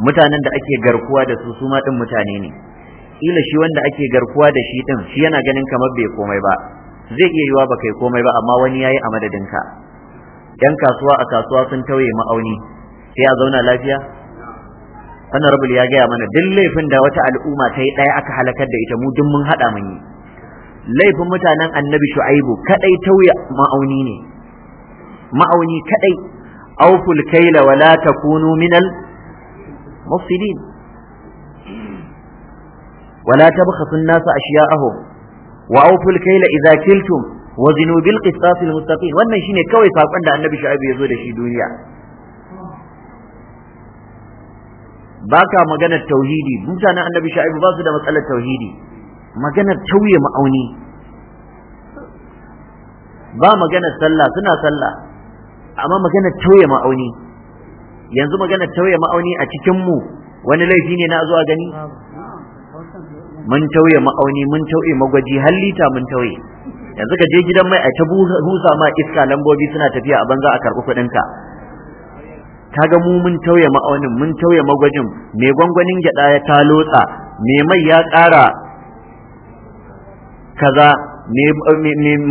mutanen da ake garkuwa da su su ma ɗin mutane ne ƙila shi wanda ake garkuwa da shi ɗin shi yana ganin kamar bai komai ba zai iya yiwa ba kai komai ba amma wani ya yi a ka yan kasuwa a kasuwa sun tauye ma'auni sai a zauna lafiya honorable ya gaya mana duk laifin da wata al'umma ta yi ɗaya aka halakar da ita mu duk mun haɗa mun yi laifin mutanen annabi shu'aibu kadai tauya ma'auni ne ma'auni kadai auful kaila wa la takunu minal mufsidin wa la tabkhasu an-nasa ashiya'ahum wa auful kaila idza kiltum wa zinu bil qisas al mustaqim wannan shine kawai sakon da annabi shu'aibu yazo da shi duniya baka maganar tauhidi mutanen annabi shu'aibu ba su da matsalar tauhidi maganar tauye ma'auni ba maganar sallah suna sallah amma maganar tauye ma'auni yanzu maganar tauye ma'auni a cikin mu wani laifi ne na zuwa gani mun tauye ma'auni mun tauye magwaji hallita mun tauye yanzu ka je gidan mai a ta busa ma iska lambobi suna tafiya a banza a karɓi kuɗinka kaga mu mun tauye ma'aunin mun tauye magwajin mai gwangwanin gyaɗa ya ta lotsa mai mai ya ƙara kaza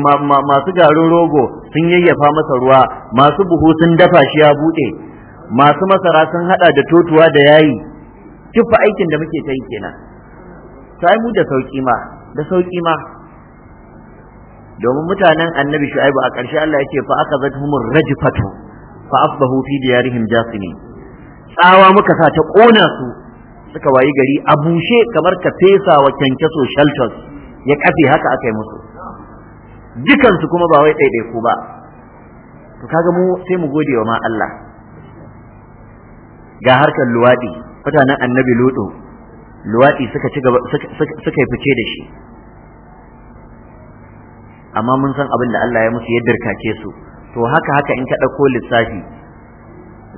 masu garin rogo sun yayyafa masa ruwa masu buhu sun dafa shi ya buɗe masu masara sun hada da totuwa da yayi kifa aikin da muke ta yi kenan sai mu da sauki ma da sauki ma domin mutanen annabi shu'aibu a ƙarshe Allah ya ce fa aka zadhumur rajfatu fa asbahu fi diyarihim jasini tsawa muka sa ta kona su suka wayi gari a bushe kamar ka fesa wa kyankyaso shelters ya kafe haka aka yi musu dukansu kuma ba wai ɗaiɗaiku ba to kaga mu sai mu gode wa ma Allah ga harkar luwaɗi mutanen annabi luɗu, luwaɗi suka ci gaba suka yi fice da shi amma mun san abin da Allah ya musu ya dirkace su to haka haka in ka ɗauko lissafi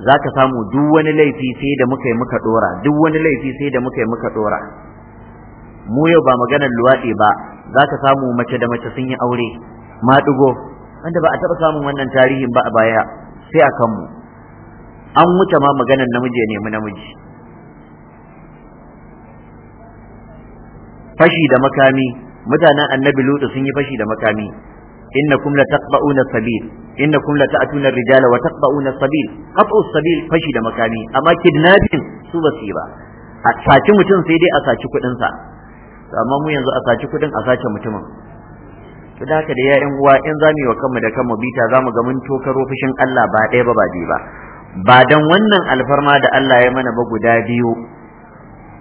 za ka samu duk wani laifi sai da muka yi muka ɗora duk wani laifi sai da muka yi muka ɗora mu yau ba maganar luwaɗi ba za ka samu mace da mace sun yi aure maɗigo wanda ba a taɓa samun wannan tarihin ba a baya sai a kanmu an wuce ma maganar namiji ya nemi namiji fashi da makami mutanen annabi lutu sun yi fashi da makami kum la taqba'una sabil kum la ta'tuna rijala wa taqba'una sabil qat'u sabil fashi da makami amma kidnapping su ba su yi ba a saci mutum sai dai a saci kuɗinsa sa amma mu yanzu a saci kudin a sace mutumin to da haka da 'ya'yan uwa in zamu yi wa kanmu da kanmu bita zamu ga mun tokaro fushin Allah ba ɗaya ba ba biyu ba ba dan wannan alfarma da Allah ya mana ba guda biyu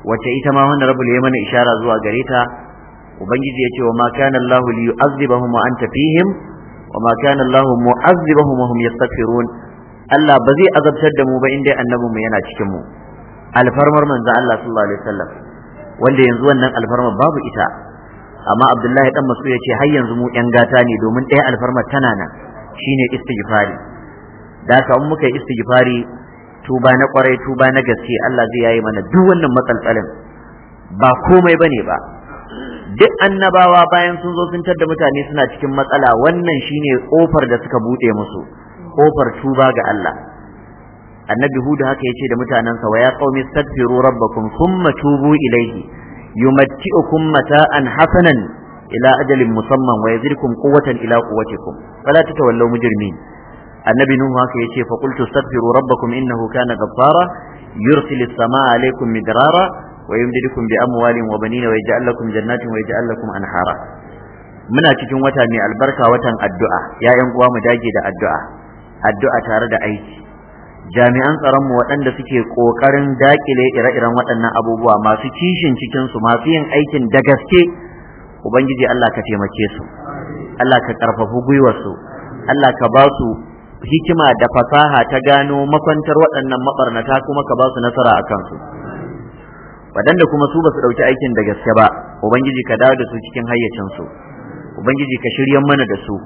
Wace ita ma wannan rabul ya mana ishara zuwa gare ta ubangiji ya ce wa ma kana Allahu li yu'azzibahum wa anta fihim wa ma kana Allahu mu'azzibahum wa hum yastaghfirun Allah ba zai azabtar da mu ba inda annabinmu yana cikin mu alfarmar manzo Allah sallallahu alaihi wasallam wanda yanzu wannan alfarma babu ita amma abdullahi dan masu ya ce har yanzu mu yan gata ne domin ɗaya alfarma tana nan shine istighfari da ka muka yi istighfari tuba na kwarai tuba na gaske Allah zai yayi mana duk wannan matsaltsalin ba komai bane ba duk annabawa bayan sun zo sun da mutane suna cikin matsala wannan shine kofar da suka bude musu kofar tuba ga Allah annabi hudu haka yace da mutanansa wa ya qaumi astaghfiru rabbakum thumma tubu ilayhi yumatti'ukum mata'an hasanan ila ajalin musamman wa yazidkum quwwatan ila quwwatikum fala tatawallaw mujrimin annabi nuhu haka yace fa qultu astaghfiru rabbakum innahu kana ghaffara yursilis samaa alaykum midrara wa yumdidukum bi amwalin wa banina wa yaj'al lakum jannatin wa yaj'al lakum anhara muna cikin wata mai albarka watan addu'a ya yan uwa mu dage da addu'a addu'a tare da aiki jami'an tsaronmu waɗanda suke ƙoƙarin daƙile ire-iren waɗannan abubuwa masu kishin cikinsu masu yin aikin da gaske ubangiji Allah ka taimake su Allah ka ƙarfafi gwiwarsu Allah ka ba su hikima da fasaha ta gano makwantar waɗannan maɓarnata kuma ka ba su nasara a kansu waɗanda kuma su ba su ɗauki aikin da gaske ba ubangiji ka dawo da su cikin hayyacinsu ubangiji ka shirya mana da su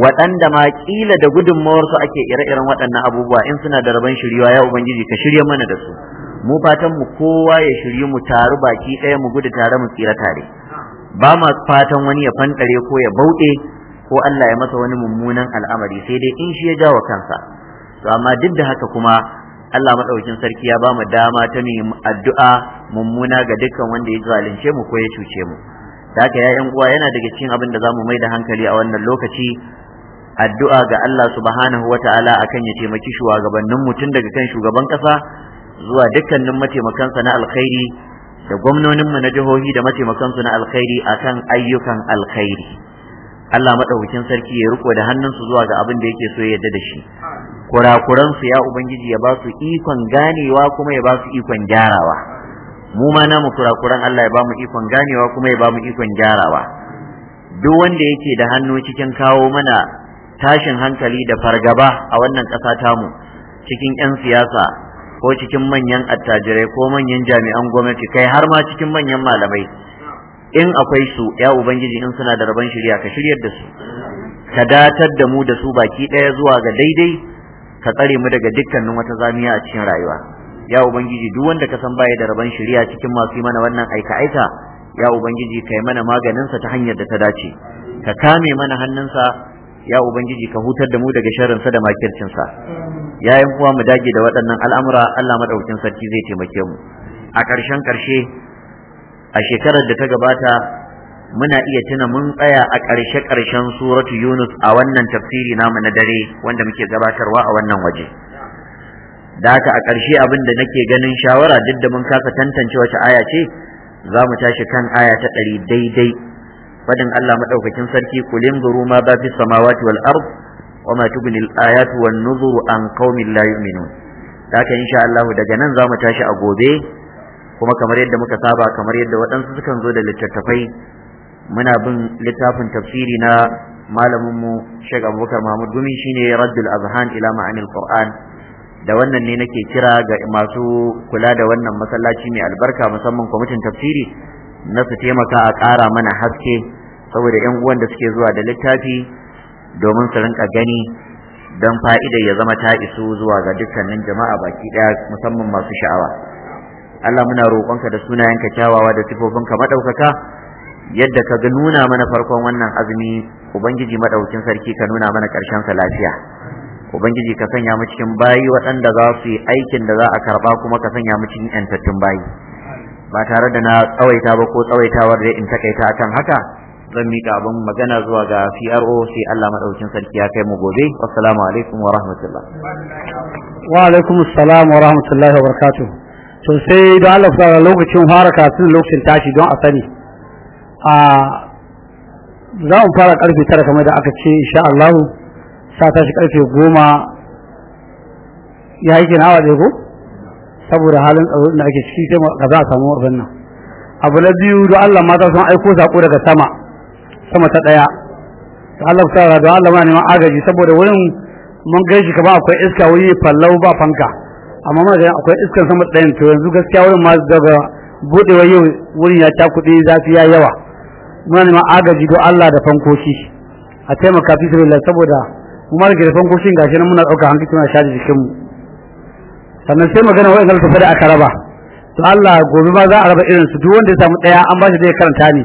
waɗanda ma ƙila da gudunmawarsu ake ire-iren waɗannan abubuwa in suna da rabon shiriwa ya ubangiji ka shirya mana da su mu fatan mu kowa ya shiryu mu taru baki ɗaya mu gudu tare mu tsira tare ba ma fatan wani ya fanɗare ko ya bauɗe ko Allah ya masa wani mummunan al'amari sai dai in shi ya jawo kansa to amma duk da haka kuma Allah madaukakin sarki ya ba mu dama ta mu addu'a mummuna ga dukkan wanda ya zalunce mu ko ya cuce mu da haka uwa yana daga cikin abin da za mu mai da hankali a wannan lokaci addu'a ga Allah subhanahu wata'ala akan ya taimaki shugabannin mutum daga kan shugaban kasa zuwa dukkanin mataimakansa na alkhairi da mu na jihohi da mataimakansu na alkhairi kan ayyukan alkhairi Allah maɗaukakin sarki ya riko da hannunsu zuwa ga abin da yake so ya yarda da shi kurakuransu ya ubangiji ya ba su ikon ganewa kuma ya ba su ikon gyarawa mu ma namu kurakuran Allah ya ba mu ikon ganewa kuma ya ba mu ikon gyarawa duk wanda yake da hannu cikin kawo mana tashin hankali da fargaba a wannan ƙasa tamu cikin 'yan siyasa ko cikin manyan attajirai ko manyan jami'an gwamnati kai har ma cikin manyan malamai in akwai su ya ubangiji in suna da rabon shirya ka shiryar da su ka datar da mu da su baki ɗaya zuwa ga daidai ka tsare mu daga dukkanin wata zamiya a cikin rayuwa ya ubangiji duk wanda ka san baya da rabon shirya cikin masu mana wannan aika aika ya ubangiji kai mana maganinsa ta hanyar da ta dace ka kame mana hannunsa ya ubangiji ka hutar da mu daga sharrinsa da makircinsa yayin kuwa mu dage da waɗannan al'amura Allah maɗaukin sarki zai taimake mu a ƙarshen ƙarshe a shekarar da ta gabata muna iya tuna mun tsaya a ƙarshe ƙarshen suratu Yunus a wannan tafsiri namu na dare wanda muke gabatarwa a wannan waje da haka a ƙarshe abin da nake ganin shawara duk da mun kasa tantance wace aya ce za mu tashi kan aya ta ɗari daidai fadin Allah madaukakin sarki kulin zuru ma ba fi samawati wal ard wa ma tubni al ayatu wan nuzuru an qaumin la yu'minun haka insha Allahu daga nan zamu tashi a gobe kuma kamar yadda muka saba kamar yadda waɗansu sukan zo da littattafai muna bin littafin tafsiri na malamin mu Sheikh Abubakar Mahmud Gumi shine Raddul Azhan ila ma'anil Qur'an da wannan ne nake kira ga masu kula da wannan masallaci mai albarka musamman kwamitin tafsiri na su taimaka a ƙara mana haske saboda yan uwan da suke zuwa da littafi domin su rinka gani don fa'ida ya zama ta isu zuwa ga dukkanin jama'a baki ɗaya musamman masu sha'awa Allah muna roƙonka da sunayenka kyawawa da sifofinka maɗaukaka yadda ka ga nuna mana farkon wannan azumi ubangiji maɗaukin sarki ka nuna mana ƙarshen sa lafiya ubangiji ka sanya mu cikin bayi waɗanda za su yi aikin da za a karɓa kuma ka sanya mu cikin 'yantattun bayi ba tare da na tsawaita ba ko tsawaitawar da in takaita akan haka zan miƙa abin magana zuwa ga PRO sai Allah madaukin sarki ya kai mu gobe assalamu alaikum wa rahmatullah wa alaikum assalam wa rahmatullahi wa barakatuh to sai da Allah fara lokacin fara kafin lokacin tashi don a sani a za mu fara karfe tara kamar da aka ce insha Allah sa tashi karfe goma ya yi kina wa ɗaya saboda halin tsaro da ake ciki sai ka za a samu abin nan abu na biyu da Allah mata sun aiko sako daga sama sama ta daya da Allah ta da Allah ma neman agaji saboda wurin mun gaishe ka ba akwai iska wuri fallau ba fanka amma muna ga akwai iskan sama dayan to yanzu gaskiya wurin ma daga budewa yau wurin ya ta kudi zafi ya yawa muna neman agaji don Allah da fankoshi a taimaka fi saboda mu ma da fankoshin gashi nan muna dauka hankali tana shaji jikinmu. sannan sai magana wa inda tafi da aka raba to Allah gobe ma za a raba irin su duk wanda ya samu daya an ba shi zai karanta ne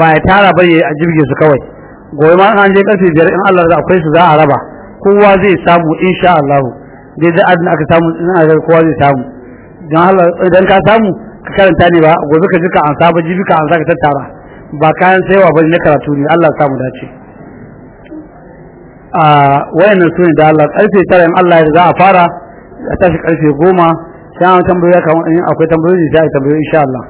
ba ya tara bai a jirgin su kawai gobe ma an je karfe biyar in Allah da akwai su za a raba kowa zai samu insha Allah dai da adin aka samu in aka kowa zai samu dan Allah idan ka samu ka karanta ne ba gobe ka jika an saba jibi ka an saka tattara ba kayan sayawa ba na karatu ne Allah samu dace a ah, wayannan sune da Allah karfe 9 in Allah ya za a fara a tashi karfe goma sai an tambayoyi kamar in akwai tambayoyi da ai tambayi insha Allah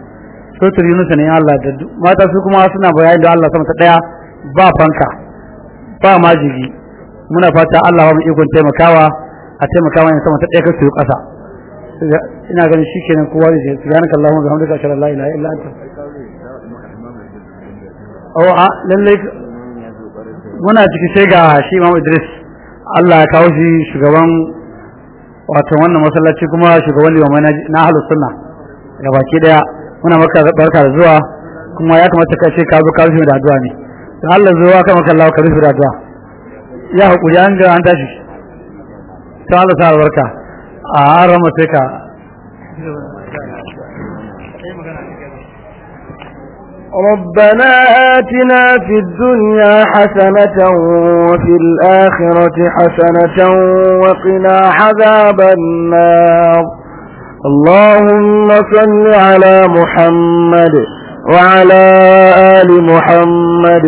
tur Yunus ne Allah da mata su kuma suna bayani da Allah sama ta daya ba fanka ba majigi muna fata Allah ba mu ikon taimakawa a taimakawa ne sama ta daya kasu kasa ina ganin shikenan kowa da shi subhanaka allahumma bihamdika ashhadu an la ilaha illa anta oh a lalle muna ciki sai ga shi Imam Idris Allah ya kawo shi shugaban wato wannan masallaci kuma shugaban limamai na ahlus sunna ga baki daya muna maka barka da zuwa kuma ya kamata ka ce ka zo ka rufe da addu'a ne to Allah zuwa ka maka Allah ka rufe da addu'a ya hakuri an ga an tashi to Allah sa barka a ran sai ka ربنا آتنا في الدنيا حسنة وفي الآخرة حسنة وقنا عذاب النار اللهم صل على محمد وعلى آل محمد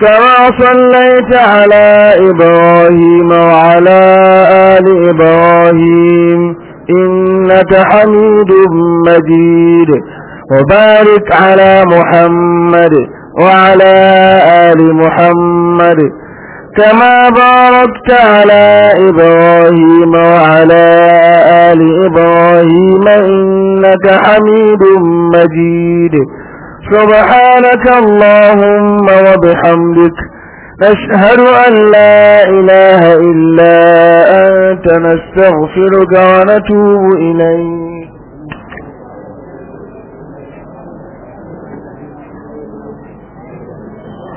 كما صليت على إبراهيم وعلى آل إبراهيم إنك حميد مجيد وبارك على محمد وعلى آل محمد كما باركت على إبراهيم وعلى آل إبراهيم إنك حميد مجيد سبحانك اللهم وبحمدك نشهد أن لا إله إلا أنت نستغفرك ونتوب إليك